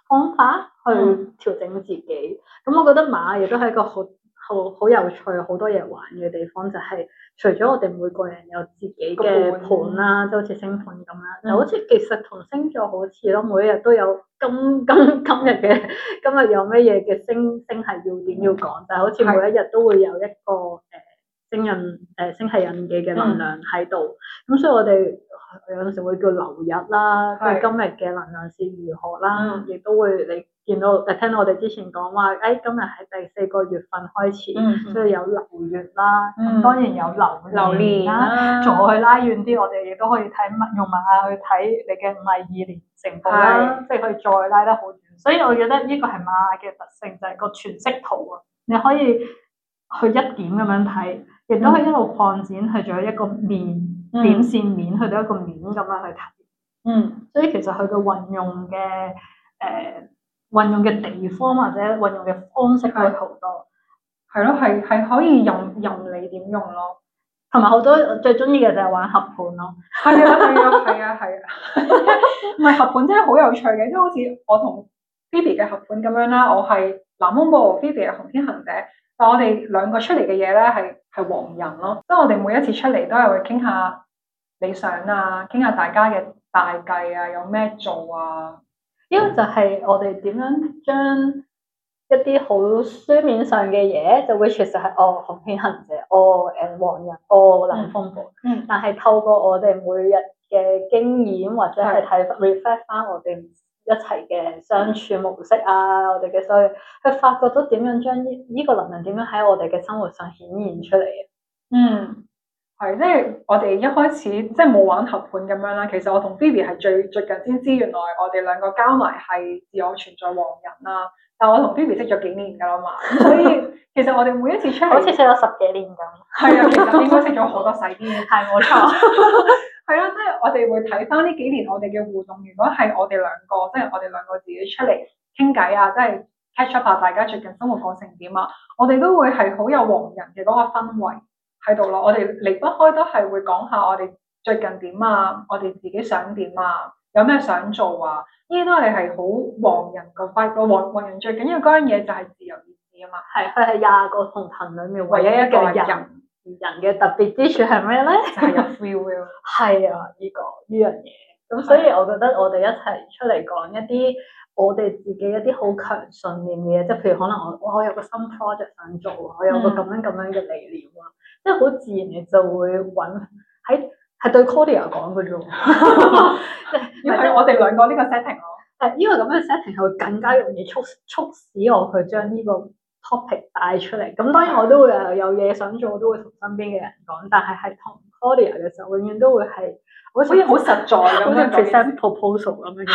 方法去調整自己，咁、嗯嗯、我覺得馬雅都係一個好好好有趣好多嘢玩嘅地方，就係、是、除咗我哋每個人有自己嘅盤啦，即好似星盤咁啦，就好似其實同星座好似咯，每一日都有日今今今日嘅，今日有咩嘢嘅星星係要點要講，嗯、但係好似每一日都會有一個。星人星系印記嘅能量喺度，咁、嗯嗯、所以我哋有陣時會叫流日啦，即係是今日嘅能量是如何啦，亦、嗯、都會你見到，就聽到我哋之前講話，誒、哎、今日喺第四個月份開始，嗯嗯，所以有流月啦，咁、嗯、當然有流流年啦，再、啊、拉遠啲，我哋亦都可以睇用馬雅去睇你嘅五二年城堡啦，即係去再拉得好遠。所以我覺得呢個係馬雅嘅特性，就係、是、個全息圖啊，你可以。去一點咁樣睇，亦都係一路擴展去咗一個面，嗯、點線面去到一個面咁樣去睇。嗯，嗯，所以其實佢嘅運用嘅誒，運、呃、用嘅地方或者運用嘅方式都好多。係咯，係係可以任、嗯、任你點用咯。同埋好多我最中意嘅就係玩合盤咯。係啊， 係啊，係啊，係啊，唔係 合盤真係好有趣嘅，即、就、係、是、好似我同 Phoebe 嘅合盤咁樣啦。我係藍風暴，Phoebe 係紅天行者。但我哋兩個出嚟嘅嘢咧，係係黃人咯。即係我哋每一次出嚟都係會傾下理想啊，傾下大家嘅大計啊，有咩做啊？呢個就係我哋點樣將一啲好書面上嘅嘢，就 which 係哦紅天行者，哦、oh, 誒黃人，哦、oh, 藍風暴、嗯。嗯。但係透過我哋每日嘅經驗或者係睇 reflect 返我哋。一齊嘅相處模式啊，嗯、我哋嘅所以，佢發覺到點樣將呢依個能量點樣喺我哋嘅生活上顯現出嚟嘅。嗯，係即係我哋一開始即係冇玩合盤咁樣啦。其實我同 Phoebe 係最最近先知，原來我哋兩個加埋係自我存在黃人啦、啊。但我同 Phoebe 識咗幾年㗎啦嘛， 所以其實我哋每一次 check 好似識咗十幾年咁。係啊， 其實應該識咗好多世啲嘅，係冇 錯。 係啦，即係我哋會睇翻呢幾年我哋嘅互動。如果係我哋兩個，即係我哋兩個自己出嚟傾偈啊，即係 catch up 下大家最近生活過成點啊，我哋都會係好有黃人嘅嗰個氛圍喺度咯。我哋離不開都係會講下我哋最近點啊，我哋自己想點啊，有咩想做啊，呢啲都係係好黃人嘅。發個黃黃人最緊要嗰樣嘢就係自由意志啊嘛。係佢係廿個同頻裏面唯一一個人。人嘅特別之處係咩咧？ 就係有 free will 係啊，呢、這個呢樣嘢。咁、這個、所以我覺得我哋一齊出嚟講一啲我哋自己一啲好強信念嘅嘢，即、就、係、是、譬如可能我我有個新 project 想做，我有個咁樣咁樣嘅理念啊，嗯、即係好自然嘅就會揾喺係對 Claudia 講嘅啫喎，因 為 我哋兩個呢個 setting 咯。係因為咁樣 setting 係會更加容易促促使我去將呢、這個。topic 帶出嚟，咁當然我都會有嘢想做，我都會同身邊嘅人講。但係喺同 Claudia 嘅時候，永遠都會係好似好實在咁樣 present proposal 咁樣。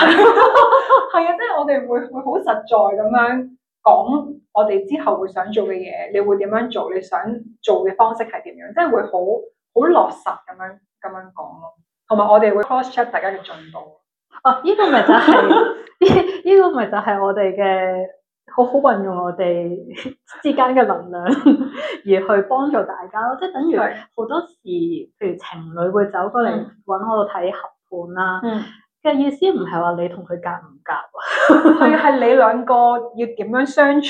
係啊，即係我哋會會好實在咁樣講、 就是、我哋之後會想做嘅嘢，你會點樣做？你想做嘅方式係點樣？即、就、係、是、會好好落實咁樣咁樣講咯。同埋我哋會 cross check 大家嘅進步。哦，依、呢個咪就係呢依個咪就係我哋嘅。好好運用我哋之間嘅能量，而去幫助大家咯，即係等於好多時，譬如情侶會走過嚟搵我度睇合盤啦。嘅、嗯、意思唔係話你同佢夾唔夾，佢係你兩個要點樣相處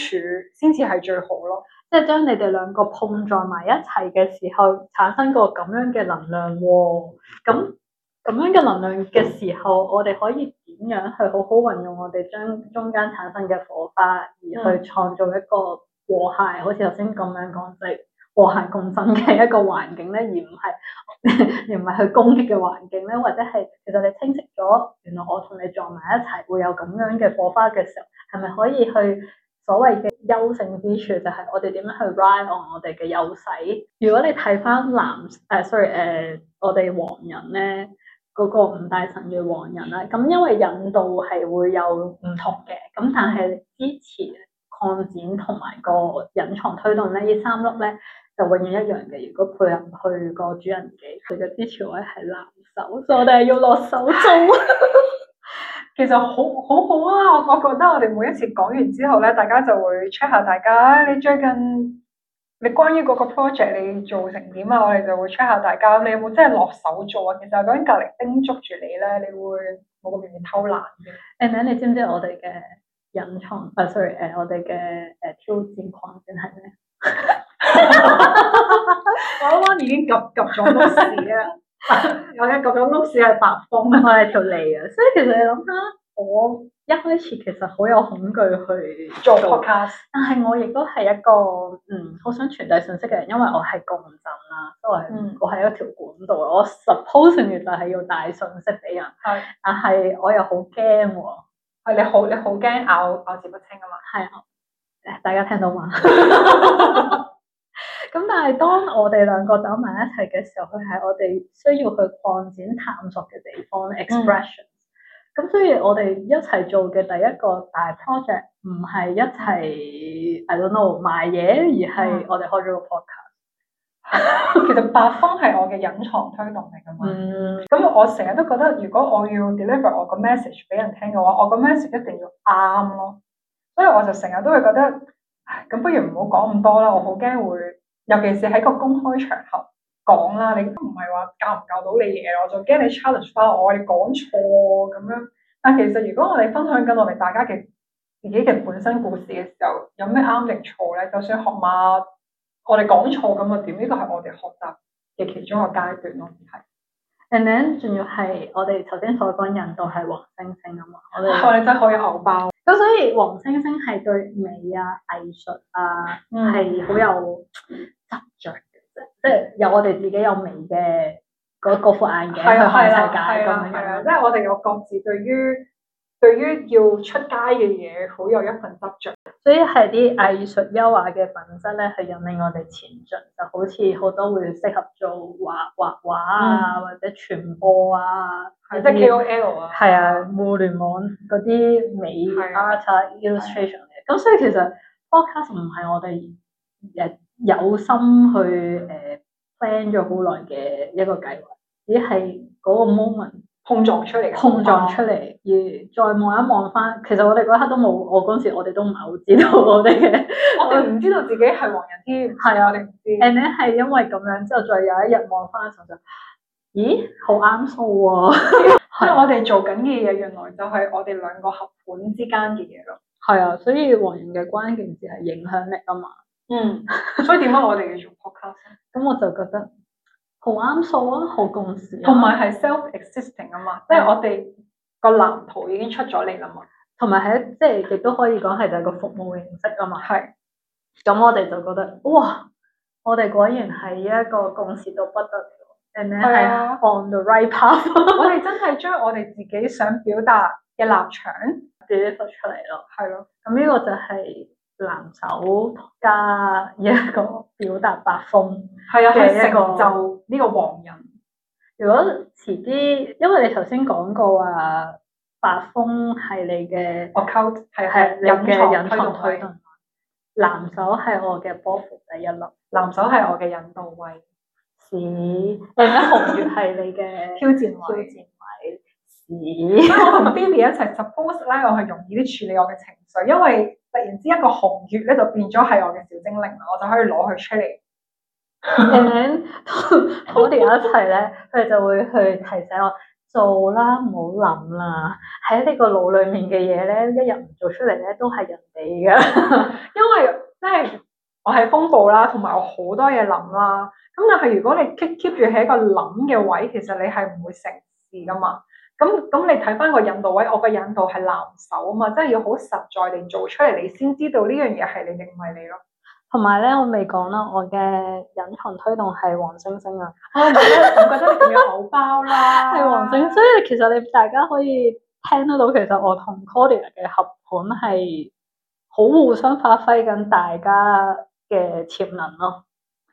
先至係最好咯。即係將你哋兩個碰撞埋一齊嘅時候，產生個咁樣嘅能量。咁咁樣嘅能量嘅時候，我哋可以點樣去好好運用我哋將中間產生嘅火花，而去創造一個和諧，好似頭先咁樣講，即係和諧共振嘅一個環境咧，而唔係 而唔係去攻擊嘅環境咧，或者係其實你清晰咗，原來我同你撞埋一齊會有咁樣嘅火花嘅時候，係咪可以去所謂嘅優勝之處，就係、係、我哋點樣去 ride on 我哋嘅優勢？如果你睇翻藍誒，sorry 誒、呃，我哋黃人咧。嗰個五大神嘅黃人啦。咁因為引導係會有唔同嘅，咁但係支持擴展同埋個隱藏推動咧，三呢三粒咧就永遠一樣嘅。如果配合去個主人嘅，其實支持位係藍手，所以我哋係要落手做。 其實好好好啊，我我覺得我哋每一次講完之後咧，大家就會 check 下大家你最近。你關於嗰個 project 你做成點啊？我哋就會 check 下大家，你有冇真係落手做啊？其實嗰陣隔離盯捉住你咧，你會冇咁容易偷懶嘅。And then，你知唔知我哋嘅隱藏？啊，sorry，誒、呃，我哋嘅誒挑戰框鍵係咩？我啱啱已經撳撳咗屋企啊！ 我而家撳咗屋企係白風啊，條脷啊！所以其實你諗下。我一開始其實好有恐懼去做 podcast 但係我亦都係一個嗯好想傳遞信息嘅人，因為我係共振啦，因為、嗯、我喺一條管道，我 supposing 原來就係要帶信息俾人，係是，但係我又好驚，係你好你好驚咬咬字不清啊嘛，係，誒大家聽到嘛？咁 但係當我哋兩個走埋一齊嘅時候，佢係我哋需要去擴展探索嘅地方，expression。嗯咁所以我哋一齊做嘅第一個大 project 唔係一齊，I don't know 賣嘢，而係我哋開咗個 podcast。 其實八方係我嘅隱藏推動力嚟噶嘛。咁、嗯、我成日都覺得，如果我要 deliver 我個 message 俾人聽嘅話，我個 message 一定要啱咯。所以我就成日都會覺得，唉，咁不如唔好講咁多啦。我好驚會，尤其是喺個公開場合。講啦，你都唔係話教唔教到你嘢，我就驚你 challenge 翻我，你講錯咁樣。但其實如果我哋分享緊我哋大家嘅自己嘅本身故事嘅時候，有咩啱定錯咧？就算學嘛，我哋講錯咁又點？呢個係我哋學習嘅其中一個階段咯，係。And then 仲要係我哋頭先所講，印度係黃星星啊嘛，我哋真係可以後包。咁所以黃星星係對美啊、藝術啊係好、嗯、有 執著。即係有我哋自己有味嘅嗰嗰副眼鏡去睇世界咁樣啊。啊啊啊啊，即係我哋有各自對於對於要出街嘅嘢好有一份執着，所以係啲藝術優雅嘅品質咧，係引領我哋前進。就好似好多會適合做畫畫畫啊，畫畫嗯、或者傳播啊，即係 KOL 啊，係啊，互聯網嗰啲美 art illustration 嘅。咁對所以其實 podcast 唔係我哋誒。有心去誒、呃、plan 咗好耐嘅一個計劃，只係嗰個 moment 碰撞出嚟，碰撞出嚟撞而再望一望翻。其實我哋嗰刻都冇，我嗰時我哋都唔係好知道我哋嘅，我哋的唔知道自己係黃人添。係 啊，我哋唔知。And then 係因為咁樣之後，之後，再有一日望翻嘅時候咦，好啱數啊，哦！即係我哋做緊嘅嘢，原來就係我哋兩個合款之間嘅嘢咯。係啊，所以黃人嘅關鍵字係影響力啊嘛。嗯， 所以點解我哋要做 Podcast？咁我就覺得好啱數啊，好共時 avenue，嗯，同埋係 self-existing 啊嘛，即係我哋個藍圖已經出咗嚟啦嘛，同埋係即係亦都可以講係就係個服務形式啊嘛，係。咁我哋就覺得哇，我哋果然係一個共時到不得了，and 呢係、啊、on the right path 十多。我哋真係將我哋自己想表達嘅立場、嗯，自己發出嚟來咯，係咯的，咁呢個就係、是。藍手加一個表達白風係一個成就呢個黃人。如果遲啲，因為你頭先講過啊，白風係你嘅，occult 係係你嘅隱藏推動。藍手係我嘅波符第一粒，藍手係我嘅引導位。咦，另一紅月係你嘅 挑戰位 挑戰。所以我同 B B 一齊，suppose 咧，我係容易啲處理我嘅情緒，因為突然之間一個紅月咧，就變咗係我嘅小精靈啦，我就可以攞佢出嚟，and then 同我哋一齊咧，佢就會去提醒我做啦，唔好諗啦，喺呢個腦裏面嘅嘢咧，一日唔做出嚟咧，都係人哋噶，因為真係、即係、我係風暴啦，同埋我好多嘢諗啦，咁但係如果你 keep keep 住喺一個諗嘅位，其實你係唔會成事噶嘛。咁咁，你睇翻個引導位，我嘅引導係藍手啊嘛，即係要好實在地做出嚟，你先知道呢樣嘢係你定唔係你咯。同埋咧，我未講啦，我嘅隱藏推動係黃星星啊！我唔、啊、覺得你好包啦、啊，係 黃星。所以其實你大家可以聽得到，其實我同 Claudia 嘅合盤係好互相發揮緊大家嘅潛能咯。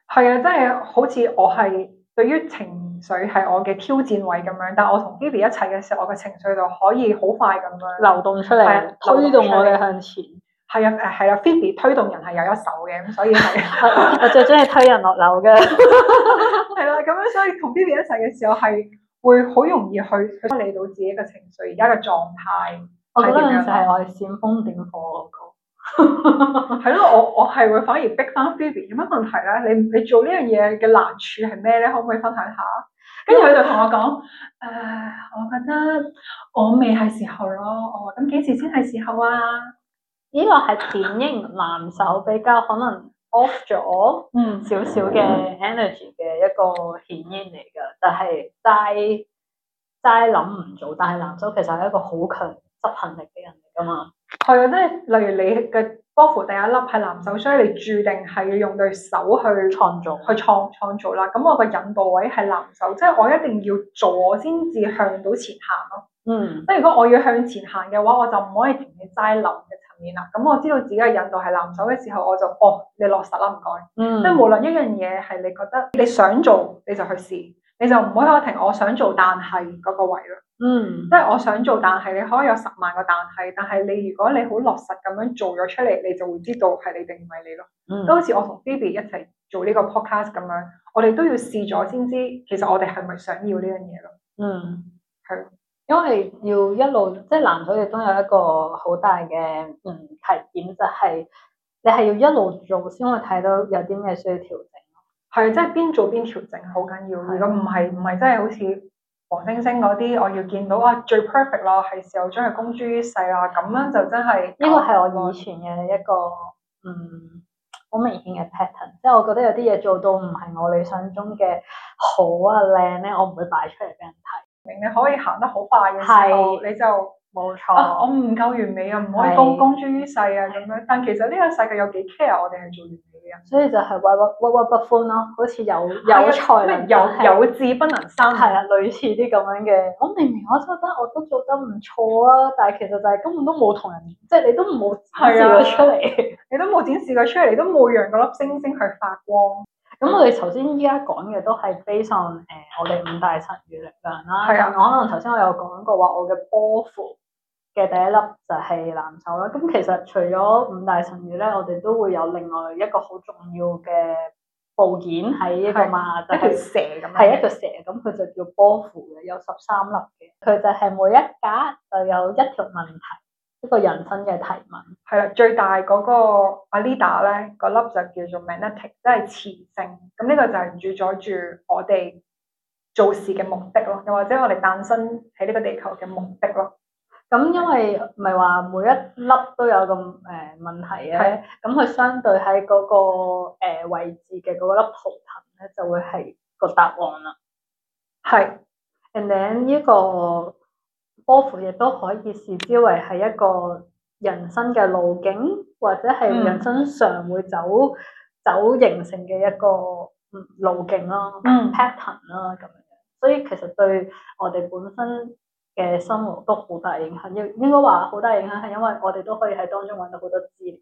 係啊，即係 好似我係。對於情緒係我嘅挑戰位咁樣，但我同 Phoebe 一齊嘅時候，我嘅情緒就可以好快咁樣流動出嚟，動出推動我哋向前。係啊，係啊，Phoebe 推動人係有一手嘅，咁所以係我最中意推人落樓嘅。係啦，咁樣所以同 Phoebe 一齊嘅時候係會好容易去去理到自己嘅情緒，而家嘅狀態係點樣？我覺得嗰陣係我煽風點火嗰個。係咯， 我我係會反而逼翻 Phoebe 有乜問題咧？你你做呢樣嘢嘅難處係咩咧？可唔可以分享下？跟住佢就同我講，誒、呃，我覺得我未係時候咯。哦，話咁幾時先係時候啊？呢個係典型男手比較可能 off 咗，嗯，少少嘅 energy 嘅一個顯現嚟噶，就係齋齋諗唔做。但係男手其實係一個好強執行力嘅人嚟噶嘛。係啊，即係例如你嘅波符第一粒係藍手，所以你注定係要用對手去創造，嗯、去創創造啦。咁我個引導位係藍手，即係我一定要做先至向到前行咯。嗯，即係如果我要向前行嘅話，我就唔可以停喺齋諗嘅層面啦。咁我知道自己嘅引導係藍手嘅時候，我就哦，你落實啦，唔該。嗯、即係無論一樣嘢係你覺得你想做，你就去試。你就唔好喺度停，我想做，但係嗰個位咯。嗯，即係我想做但，但係你可以有十萬個但係，但係你如果你好落實咁樣做咗出嚟，你就會知道係你定唔係你咯。嗯，都好似我同 Phoebe 一齊做呢個 Podcast 咁樣，我哋都要試咗先知，其實我哋係咪想要呢樣嘢咯？嗯，係咯是，因為要一路即係男女亦都有一個好大嘅嗯提點，就係、是、你係要一路做先可以睇到有啲咩需要調整。係，即係邊做邊調整，好緊要。是的 如果唔係唔係，真係好似黃星星嗰啲，嗯、我要見到啊最 perfect 咯，係時候將佢公諸於世喇。咁樣就真係呢個係我以前嘅一個嗯好明顯嘅 pattern，即係我覺得有啲嘢做到唔係我理想中嘅好啊靚咧，我唔會擺出嚟俾人睇。明明你可以行得好快嘅時候，的你就。冇錯、啊，我唔夠完美啊，唔可以公公諸於世啊咁的樣。但其實呢個世界有幾 care 我哋係做完美嘅、啊、人，所以就係鬱鬱鬱鬱不歡咯、啊，好似有有才，的有的有，有志不能伸，係啊，類似啲咁樣嘅。我明明我覺得我都做得唔錯啊，但係其實就係根本都冇同人，即、就、係、是、你都冇展示出嚟，你都冇展示佢出嚟， 你都冇讓嗰粒星星去發光。咁、嗯、我哋頭先依家講嘅都係非常誒，我哋五大神諭力量啦。係啊的，可能頭先我有講過話，我嘅波符嘅第一粒就係藍手啦。咁其實除咗五大神諭咧，我哋都會有另外一個好重要嘅部件喺呢個馬，的就係、是、一條蛇咁，係一條蛇咁，佢就叫波符嘅，有十三粒嘅，佢就係每一格就有一條問題。一個人生嘅提問係啦，最大嗰個阿 Lida 咧，個粒就叫做 Magnetic 即係磁性。咁呢個就係主宰住我哋做事嘅目的咯，又或者我哋誕生喺呢個地球嘅目的咯。咁因為唔係話每一粒都有個誒、呃、問題咧，咁佢的相對喺嗰個誒位置嘅嗰粒圖騰咧，就會係個答案啦。係，and then 呢、呢個。波符亦都可以視之為係一個人生嘅路徑，或者係人生常會走走形成嘅一個路徑咯、嗯、，pattern 啦咁樣。所以其實對我哋本身嘅生活都好大影響。要應該話好大影響係因為我哋都可以喺當中搵到好多資料，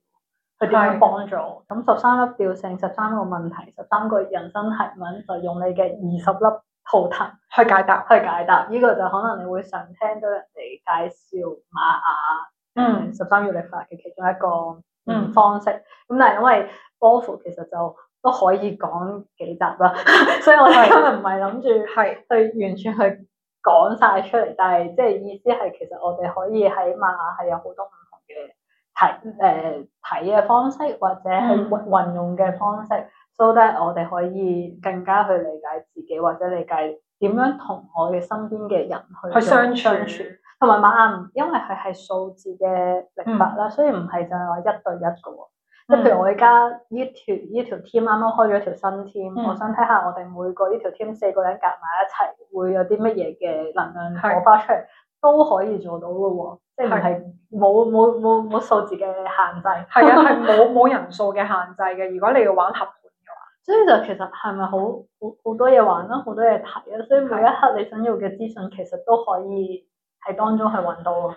去點樣幫助我？咁十三粒調性，十三個，個問題，十三個人生題文，就用你嘅二十粒。套答去解答去解答。呢、嗯、個就可能你會想聽到人哋介紹瑪雅嗯十三月曆法嘅其中一個嗯方式，咁、嗯、但係因為波芙其實就都可以講幾集啦，嗯、 所以我係唔係諗住係去完全去講晒出嚟，嗯、但係即係意思係其實我哋可以喺馬雅係有好多。睇誒睇嘅方式，或者係運用嘅方式，so that、嗯、我哋可以更加去理解自己，或者理解點樣同我哋身邊嘅人去相處去相處。同埋馬雅，因為佢係數字嘅曆法啦，所以唔係就係話一對一嘅喎。嗯、即譬如我而家呢條呢、嗯、條 team 啱啱開咗條新 team，嗯、我想睇下我哋每個呢條 team 四個人夾埋一齊會有啲乜嘢嘅能量火花出嚟。都可以做到噶喎，即係係冇冇冇冇數字嘅限制，係啊係冇冇人數嘅限制嘅。如果你要玩合盤嘅話，所以就其實係咪好好好多嘢玩啦，好多嘢睇啊。所以每一刻你想要嘅資訊，其實都可以喺當中去揾到啊。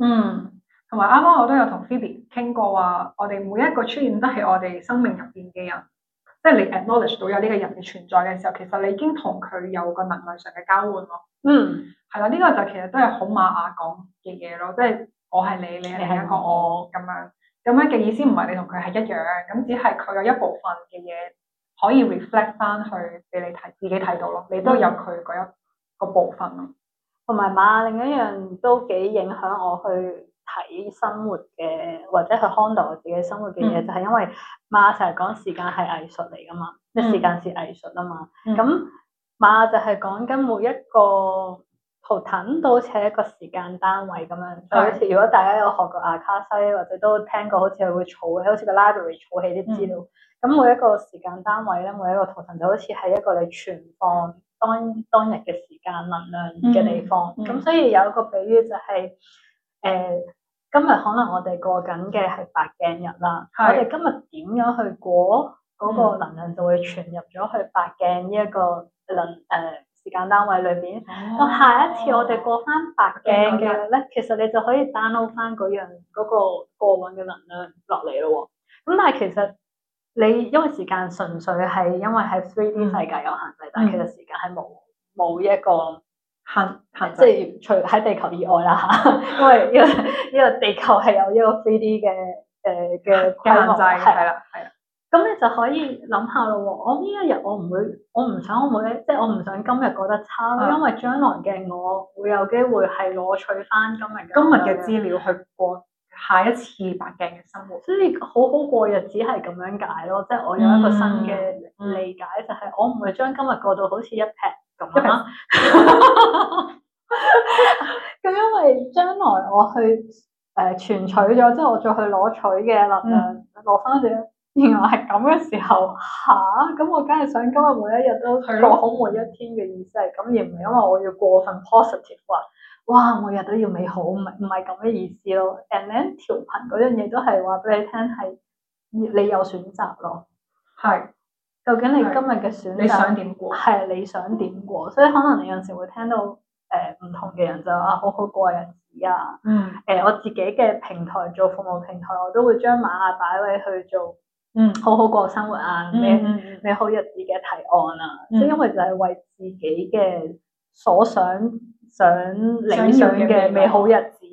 嗯，同埋啱啱我都有同 Phoebe 傾過話，我哋每一個出現都係我哋生命入邊嘅人。即係你 acknowledge 到有呢個人嘅存在嘅時候，其實你已經同佢有個能量上嘅交換咯。嗯，係啦，呢個就其實都係好馬雅講嘅嘢咯。即係我係你，你係一個我咁、哦、樣咁樣嘅意思，唔係你同佢係一樣，咁只係佢有一部分嘅嘢可以 reflect 翻去俾你睇，自己睇到咯。嗯、你都有佢嗰一個部分咯。同埋馬雅，另一樣都幾影響我去。睇生活嘅，或者去 handle 自己生活嘅嘢，嗯、就係因為馬成日講時間係藝術嚟噶嘛，即係時間是藝術啊嘛。咁馬就係講緊每一個圖騰都好似係一個時間單位咁樣，就好似如果大家有學過阿卡西或者都聽過好似會儲喺好似個 library 儲起啲資料。咁、嗯、每一個時間單位咧，每一個圖騰就好似係一個你存放當當日嘅時間能量嘅地方。咁、嗯嗯、所以有一個比喻就係、是。誒、呃，今日可能我哋過緊嘅係白鏡日啦。是我哋今日點樣去過，嗰、那個能量就會傳入咗去白鏡呢一個能誒、呃、時間單位裏邊。咁、哦、下一次我哋過翻白鏡嘅咧，嗯、其實你就可以 download 翻嗰樣嗰、那個過往嘅能量落嚟咯。咁、嗯、但係其實你因為時間純粹係因為喺 three D 世界有限制，嗯、但係其實時間係冇冇一個。限即係除喺地球以外啦，吓，因為因為因為地球係有一個三 D 嘅誒嘅限制係啦，係啦。咁你就可以諗下咯，我呢一日我唔會，我唔想我唔即係我唔想今日過得差啦，因為將來嘅我會有機會係攞取翻今日今日嘅資料去過下一次白鏡嘅生活，所以好好過日子係咁樣解咯，即係我有一個新嘅理解，就係我唔會將今日過到好似一劈。咁啊！咁 因為將來我去誒存取咗之後，我再去攞取嘅能量，攞翻嚟，原來係咁嘅時候，吓，咁我梗係想今日每一日都攞好每一天嘅意思係咁，是的 而唔係因為我要過分 positive 話，哇，每日都要美好，唔係唔係咁嘅意思咯。And then、嗯、調頻嗰樣嘢都係話俾你聽，係你有選擇咯，係。究竟你今日嘅選擇係你想點過？係你想點過？所以可能你有時會聽到誒唔、呃、同嘅人就話好好過日子啊。誒、嗯呃、我自己嘅平台做服務平台，我都會將馬雅擺位去做，嗯，好好過生活啊，美、嗯、美好日子嘅提案啊。即係、嗯、因為就係為自己嘅所想想理想嘅美好日子。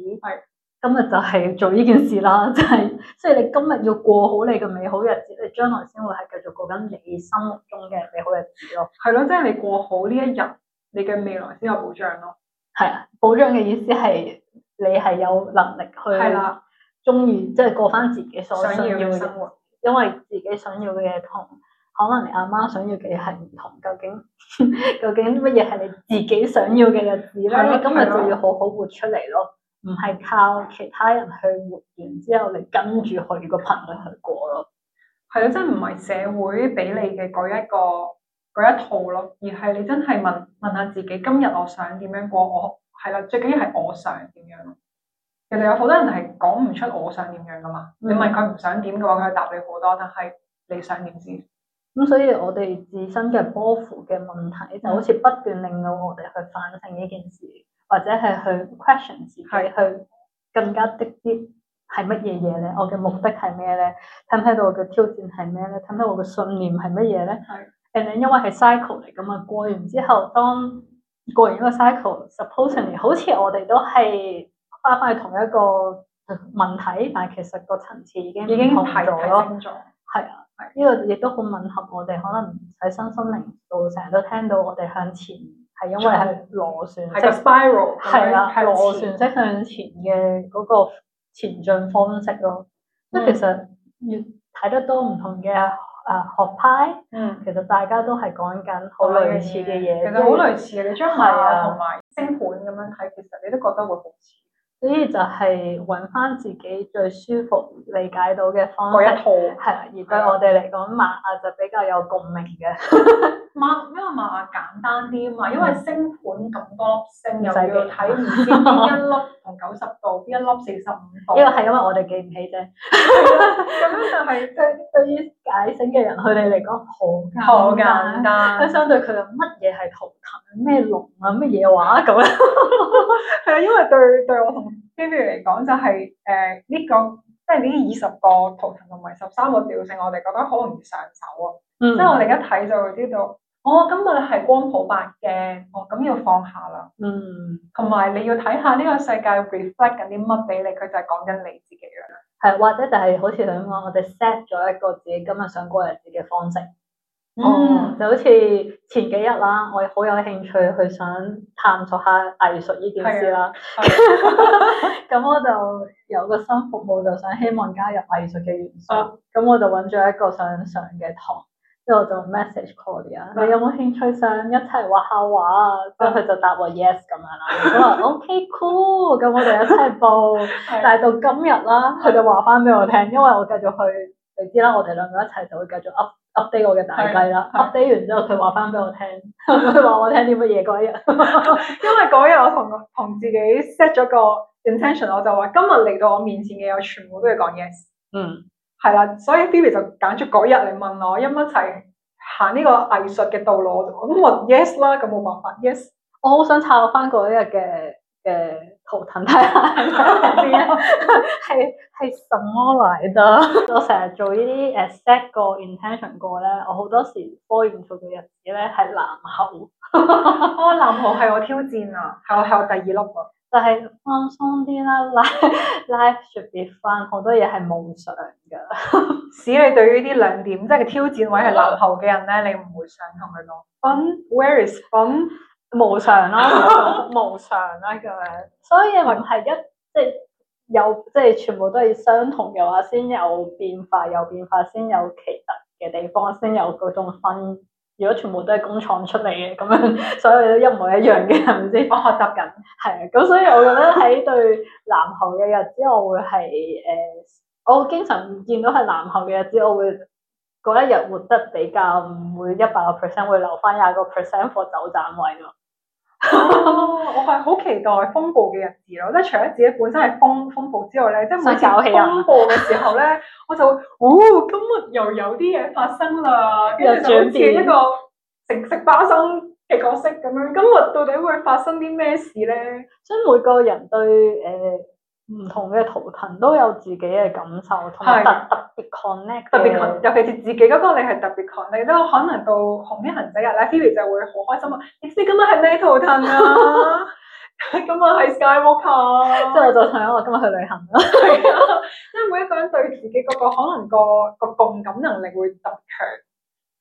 今日就係做呢件事啦，即係，就係，所以你今日要過好你嘅美好日子，你將來先會係繼續過緊你心目中嘅美好日子咯。係咯，即係你過好呢一日，你嘅未來先有保障咯。係啊，保障嘅意思係你係有能力去，係啦，鍾意即係過翻自己所想要嘅生活，因為自己想要嘅嘢同可能你阿媽想要嘅嘢係唔同。究竟究竟乜嘢係你自己想要嘅日子咧？係，係，你今日就要好好活出嚟咯。唔係靠其他人去活，然之後你跟住佢個頻率去過咯。係啊，即係唔係社會俾你嘅嗰一個嗰一套咯，而係你真係問問下自己，今日我想點樣過？我係啦，最緊要係我想點樣咯。其實有好多人係講唔出我想點樣噶嘛。嗯、你問佢唔想點嘅話，佢答你好多。但係你想點先？咁所以，我哋自身嘅包袱嘅問題，就好似不斷令到我哋去反省呢件事。或者係去 question 自己，去更加的啲係乜嘢嘢咧？我嘅目的係咩咧？睇唔睇到我嘅挑戰係咩咧？睇唔睇我嘅信念係乜嘢咧？係，誒，因為係 cycle 嚟咁啊，過完之後，當過完一個 cycle，supposedly 好似我哋都係翻翻去同一個問題，但係其實個層次已經唔同咗咯。係啊，呢個亦都好吻合我哋可能喺身心靈度成日都聽到我哋向前。係 因為係螺旋、e.，係個 spiral，係啦，係螺旋式向前嘅嗰個前進方式咯。即係其實越睇得多唔同嘅誒學派，嗯， 其實大家都係講緊好類似嘅嘢、嗯，其實好類似嘅。你將馬雅同埋星盤咁樣睇，其實你都覺得會好似。所以就係揾翻自己最舒服理解到嘅方式， 一套係。 而對我哋嚟講，馬雅就比較有共鳴嘅啊，因為星盤咁多星，又要睇唔知邊一粒同九十度，邊一粒四十五度。呢個係因為我哋記唔起啫。咁樣就係對對於解星嘅人，佢哋嚟講好簡單。咁相對佢哋乜嘢係圖騰，咩龍啊乜嘢話咁樣？係啊，因為對對我同 Phoebe 嚟講，就係誒呢個即係呢二十個圖騰同埋十三個調性，我哋覺得好容易上手啊。即係我哋一睇就會知道。嗯 我、哦、今日係光譜白鏡，哦，咁要放下啦。嗯，同埋你要睇下呢個世界 reflect 緊啲乜俾你，佢就係講緊你自己嘅，係或者就係好似咁講，我哋 set 咗一個自己今日想過日子嘅方式。嗯，嗯就好似前幾日啦，我好有興趣去想探索下藝術呢件事啦。咁 我就有個新服務，就想希望加入藝術嘅元素。咁、哦、我就揾咗一個想上嘅堂。之後就 message call 嘅，你有冇興趣想一齊畫下畫啊？之後佢就答我 yes 咁樣啦。咁話 OK cool，咁我哋一齊報。 但係到今日啦，佢 就話翻俾我聽，因為我繼續去，你知啦，我哋兩個一齊就會繼續 up update 我嘅大計啦。 update 完之後，佢話翻俾我聽，佢話 我聽啲乜嘢嗰一日。 因為嗰日我同同自己 set 咗個 intention，我就話今日嚟到我面前嘅，我全部都要講 yes。嗯。係啦，所以 B B 就揀住嗰日嚟問我一蚊齊行呢個藝術嘅道路，我都 yes 啦，咁冇辦法 yes。我好想查翻嗰日嘅嘅圖騰睇下，係係 什麼嚟噶？ 我成日做呢啲誒 set 個 intention 過咧，我好多時播 intention 嘅日子咧係藍猴。后 哦，藍猴係我挑戰啊！係我係我第二粒啊！就係放鬆啲啦，life life should be fun，好多嘢係無常噶。 使你對於呢啲兩點，即係個挑戰位係落後嘅人咧，你唔會想同佢講。咁、 嗯、where is fun，u 無常啦， 無常啦咁樣。 所以問題一，即、就、係、是、有，即、就、係、是、全部都係相同嘅話，先有變化，有變化先有奇特嘅地方，先有嗰種 fun。如果全部都係工廠出嚟嘅，咁樣所有都一模一樣嘅，係咪先？我學習緊，係啊，咁所以我覺得喺對藍猴嘅日子，我會係誒、呃，我經常見到係藍猴嘅日子，我會嗰一日活得比較唔會一百個 percent，會留翻廿個 percent，放走盞位。咯。 哦、我係好期待風暴嘅日子咯，即係除咗自己本身係風風暴之外咧，即係每次風暴嘅時候咧， 我就會，嗚、哦，今日又有啲嘢發生啦，跟住就好似一個食食花生嘅角色咁樣，今日到底會發生啲咩事咧？所以每個人對誒。呃唔同嘅圖騰都有自己嘅感受，同埋特的特別 connect。特別 connect，尤其是自己嗰個你係特別 connect，都可能到行仔面係唔 h 噶。Phoebe 就會好開心啊！你 今日係咩圖騰啊？今日係 Skywalker 即係我就想我今日去旅行咯。即係 每一個人對自己嗰個可能個個共感能力會特強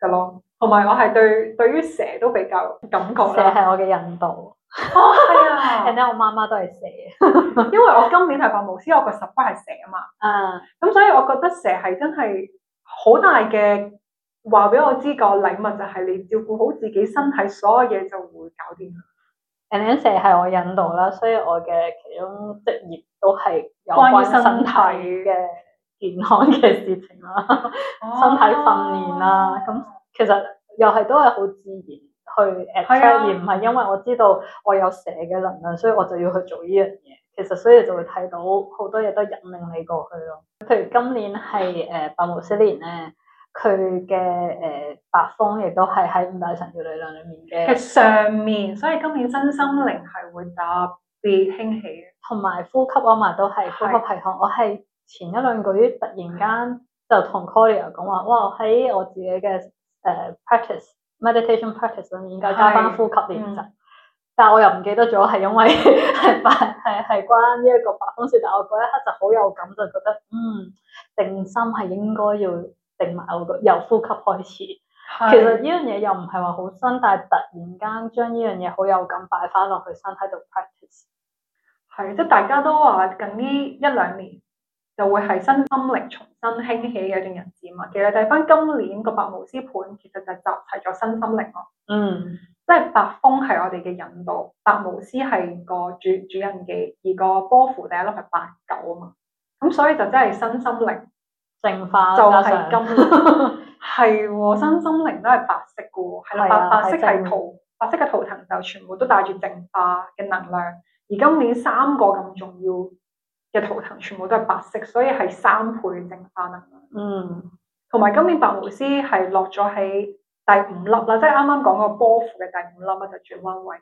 噶咯，同埋我係對對於蛇都比較感覺。 蛇係我嘅引導。哦，係啊，人哋我媽媽都係蛇，因為我今年係學巫師，我個支持係蛇啊嘛。嗯，咁所以我覺得蛇係真係好大嘅，話俾我知個禮物就係你照顧好自己身體，所有嘢就會搞掂。And then 蛇係我引導啦，所以我嘅其中職業都係有關身體嘅健康嘅事情啦，身體訓、 啊、練啦、啊，咁其實又係都係好自然。去 attract 唔係因為我知道我有蛇嘅能量，所以我就要去做呢樣嘢。其實所以就會睇到好多嘢都引領你過去咯。譬如今年係誒白巫師年咧，佢嘅誒白風亦都係喺五大神柱理論裏面嘅上面。所以今年身心靈係會特別興起，同埋呼吸啊嘛、嗯、都係呼吸系統。是我係前一兩個月突然間就同 Claudia 講話，哇喺我,我自己嘅誒 practice。meditation practice 上面，教加翻呼吸練習，嗯、但係我又唔記得咗，係因為係白係係關呢一個白話事，但我嗰一刻就好有感，就覺得嗯定心係應該要定埋嗰個，由呼吸開始。是其實呢樣嘢又唔係話好新，但係突然間將呢樣嘢好有感擺翻落去身體度 practice。係，即係大家都話近呢一兩年。就會係新心靈重新興起嘅一段日子嘛，其實睇返今年個白巫師盤，其實就，其實就集齊咗新心靈咯。嗯，即係白風係我哋嘅引導，白巫師係個主主人嘅，而個波符第一粒係白狗啊嘛，咁所以就真係新心靈淨化，就係金係喎，新心靈都係白色噶喎，係啦、嗯啊，白色係圖白色嘅圖騰就全部都帶住淨化嘅能量，而今年三個咁重要，嗯嘅圖騰全部都係白色，所以係三倍淨化能量。嗯，同埋今年白巫師係落咗喺第五粒啦，即係啱啱講個波符嘅第五粒啊，就轉角位。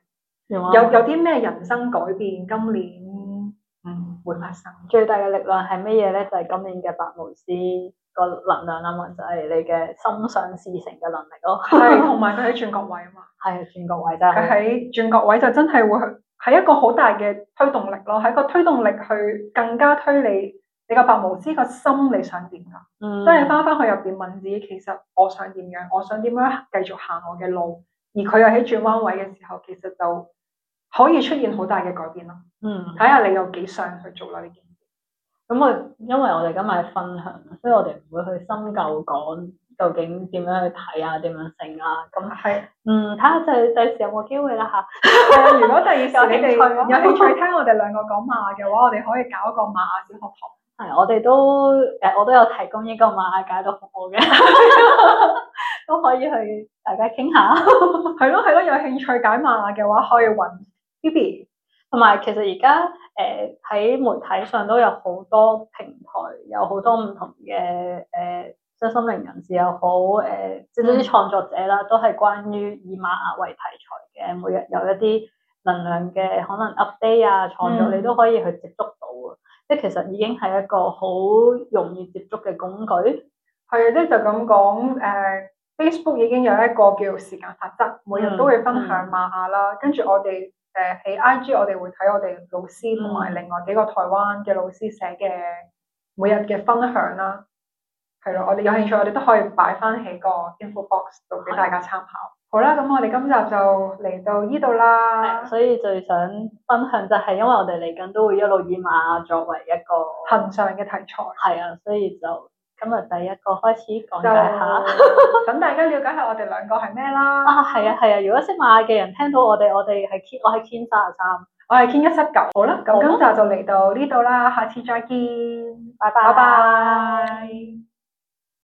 嗯、有有啲咩人生改變今年嗯會發生？最大嘅力量係乜嘢咧？就係、是、今年嘅白巫師個能量啊嘛，就係、是、你嘅心想事成嘅能力咯。係同埋佢喺轉角位啊嘛。係 轉角位都係。佢喺轉角位就真係會。係一個好大嘅推動力咯，係一個推動力去更加推理你你個白巫師個心，你想點啊？嗯，即係翻翻去入邊問自己，其實我想點樣？我想點樣繼續行我嘅路？而佢又喺轉彎位嘅時候，其實就可以出現好大嘅改變咯，嗯嗯。嗯，睇下你有幾想去做呢件嘢。咁我因為我哋今日分享，所以我哋唔會去深究講。究竟點樣去睇啊？點樣成啊？咁，是嗯，睇下第第時有冇機會啦嚇。 如果第二時你哋有興趣聽我哋兩個講馬雅嘅話，我哋可以搞一個馬雅小學堂。係，我哋都誒，我都有提供一個馬雅解讀服務嘅， 都可以去大家傾下。係咯係咯，有興趣解馬雅嘅話，可以揾 B B。同埋其實而家誒喺媒體上都有好多平台，有好多唔同嘅誒。呃即係心靈人士又好，誒、呃，即係啲創作者啦，都係關於以馬雅為題材嘅，每日有一啲能量嘅可能 update 啊，創作、嗯、你都可以去接觸到啊，即係其實已經係一個好容易接觸嘅工具。係啊、嗯，即係就咁講，誒、呃、Facebook 已經有一個叫做時間法則，每日都會分享馬雅啦，嗯、跟住我哋誒喺 IG，我哋會睇我哋老師同埋另外幾個台灣嘅老師寫嘅每日嘅分享啦。係咯，我哋有興趣，嗯、我哋都可以擺翻起個 info box 度俾大家參考。的好啦，咁我哋今集就嚟到呢度啦。所以最想分享就係，因為我哋嚟緊都會一路以馬雅作為一個恆常嘅題材。係啊，所以就今日第一個開始講解下，等大家了解下我哋兩個係咩啦。 啊，係啊，係啊！如果識馬雅嘅人聽到我哋，我哋係 Kin，我係 Kin 三十三，我係 Kin 一七九。好啦，咁今集就嚟到呢度啦，下次再見，拜拜。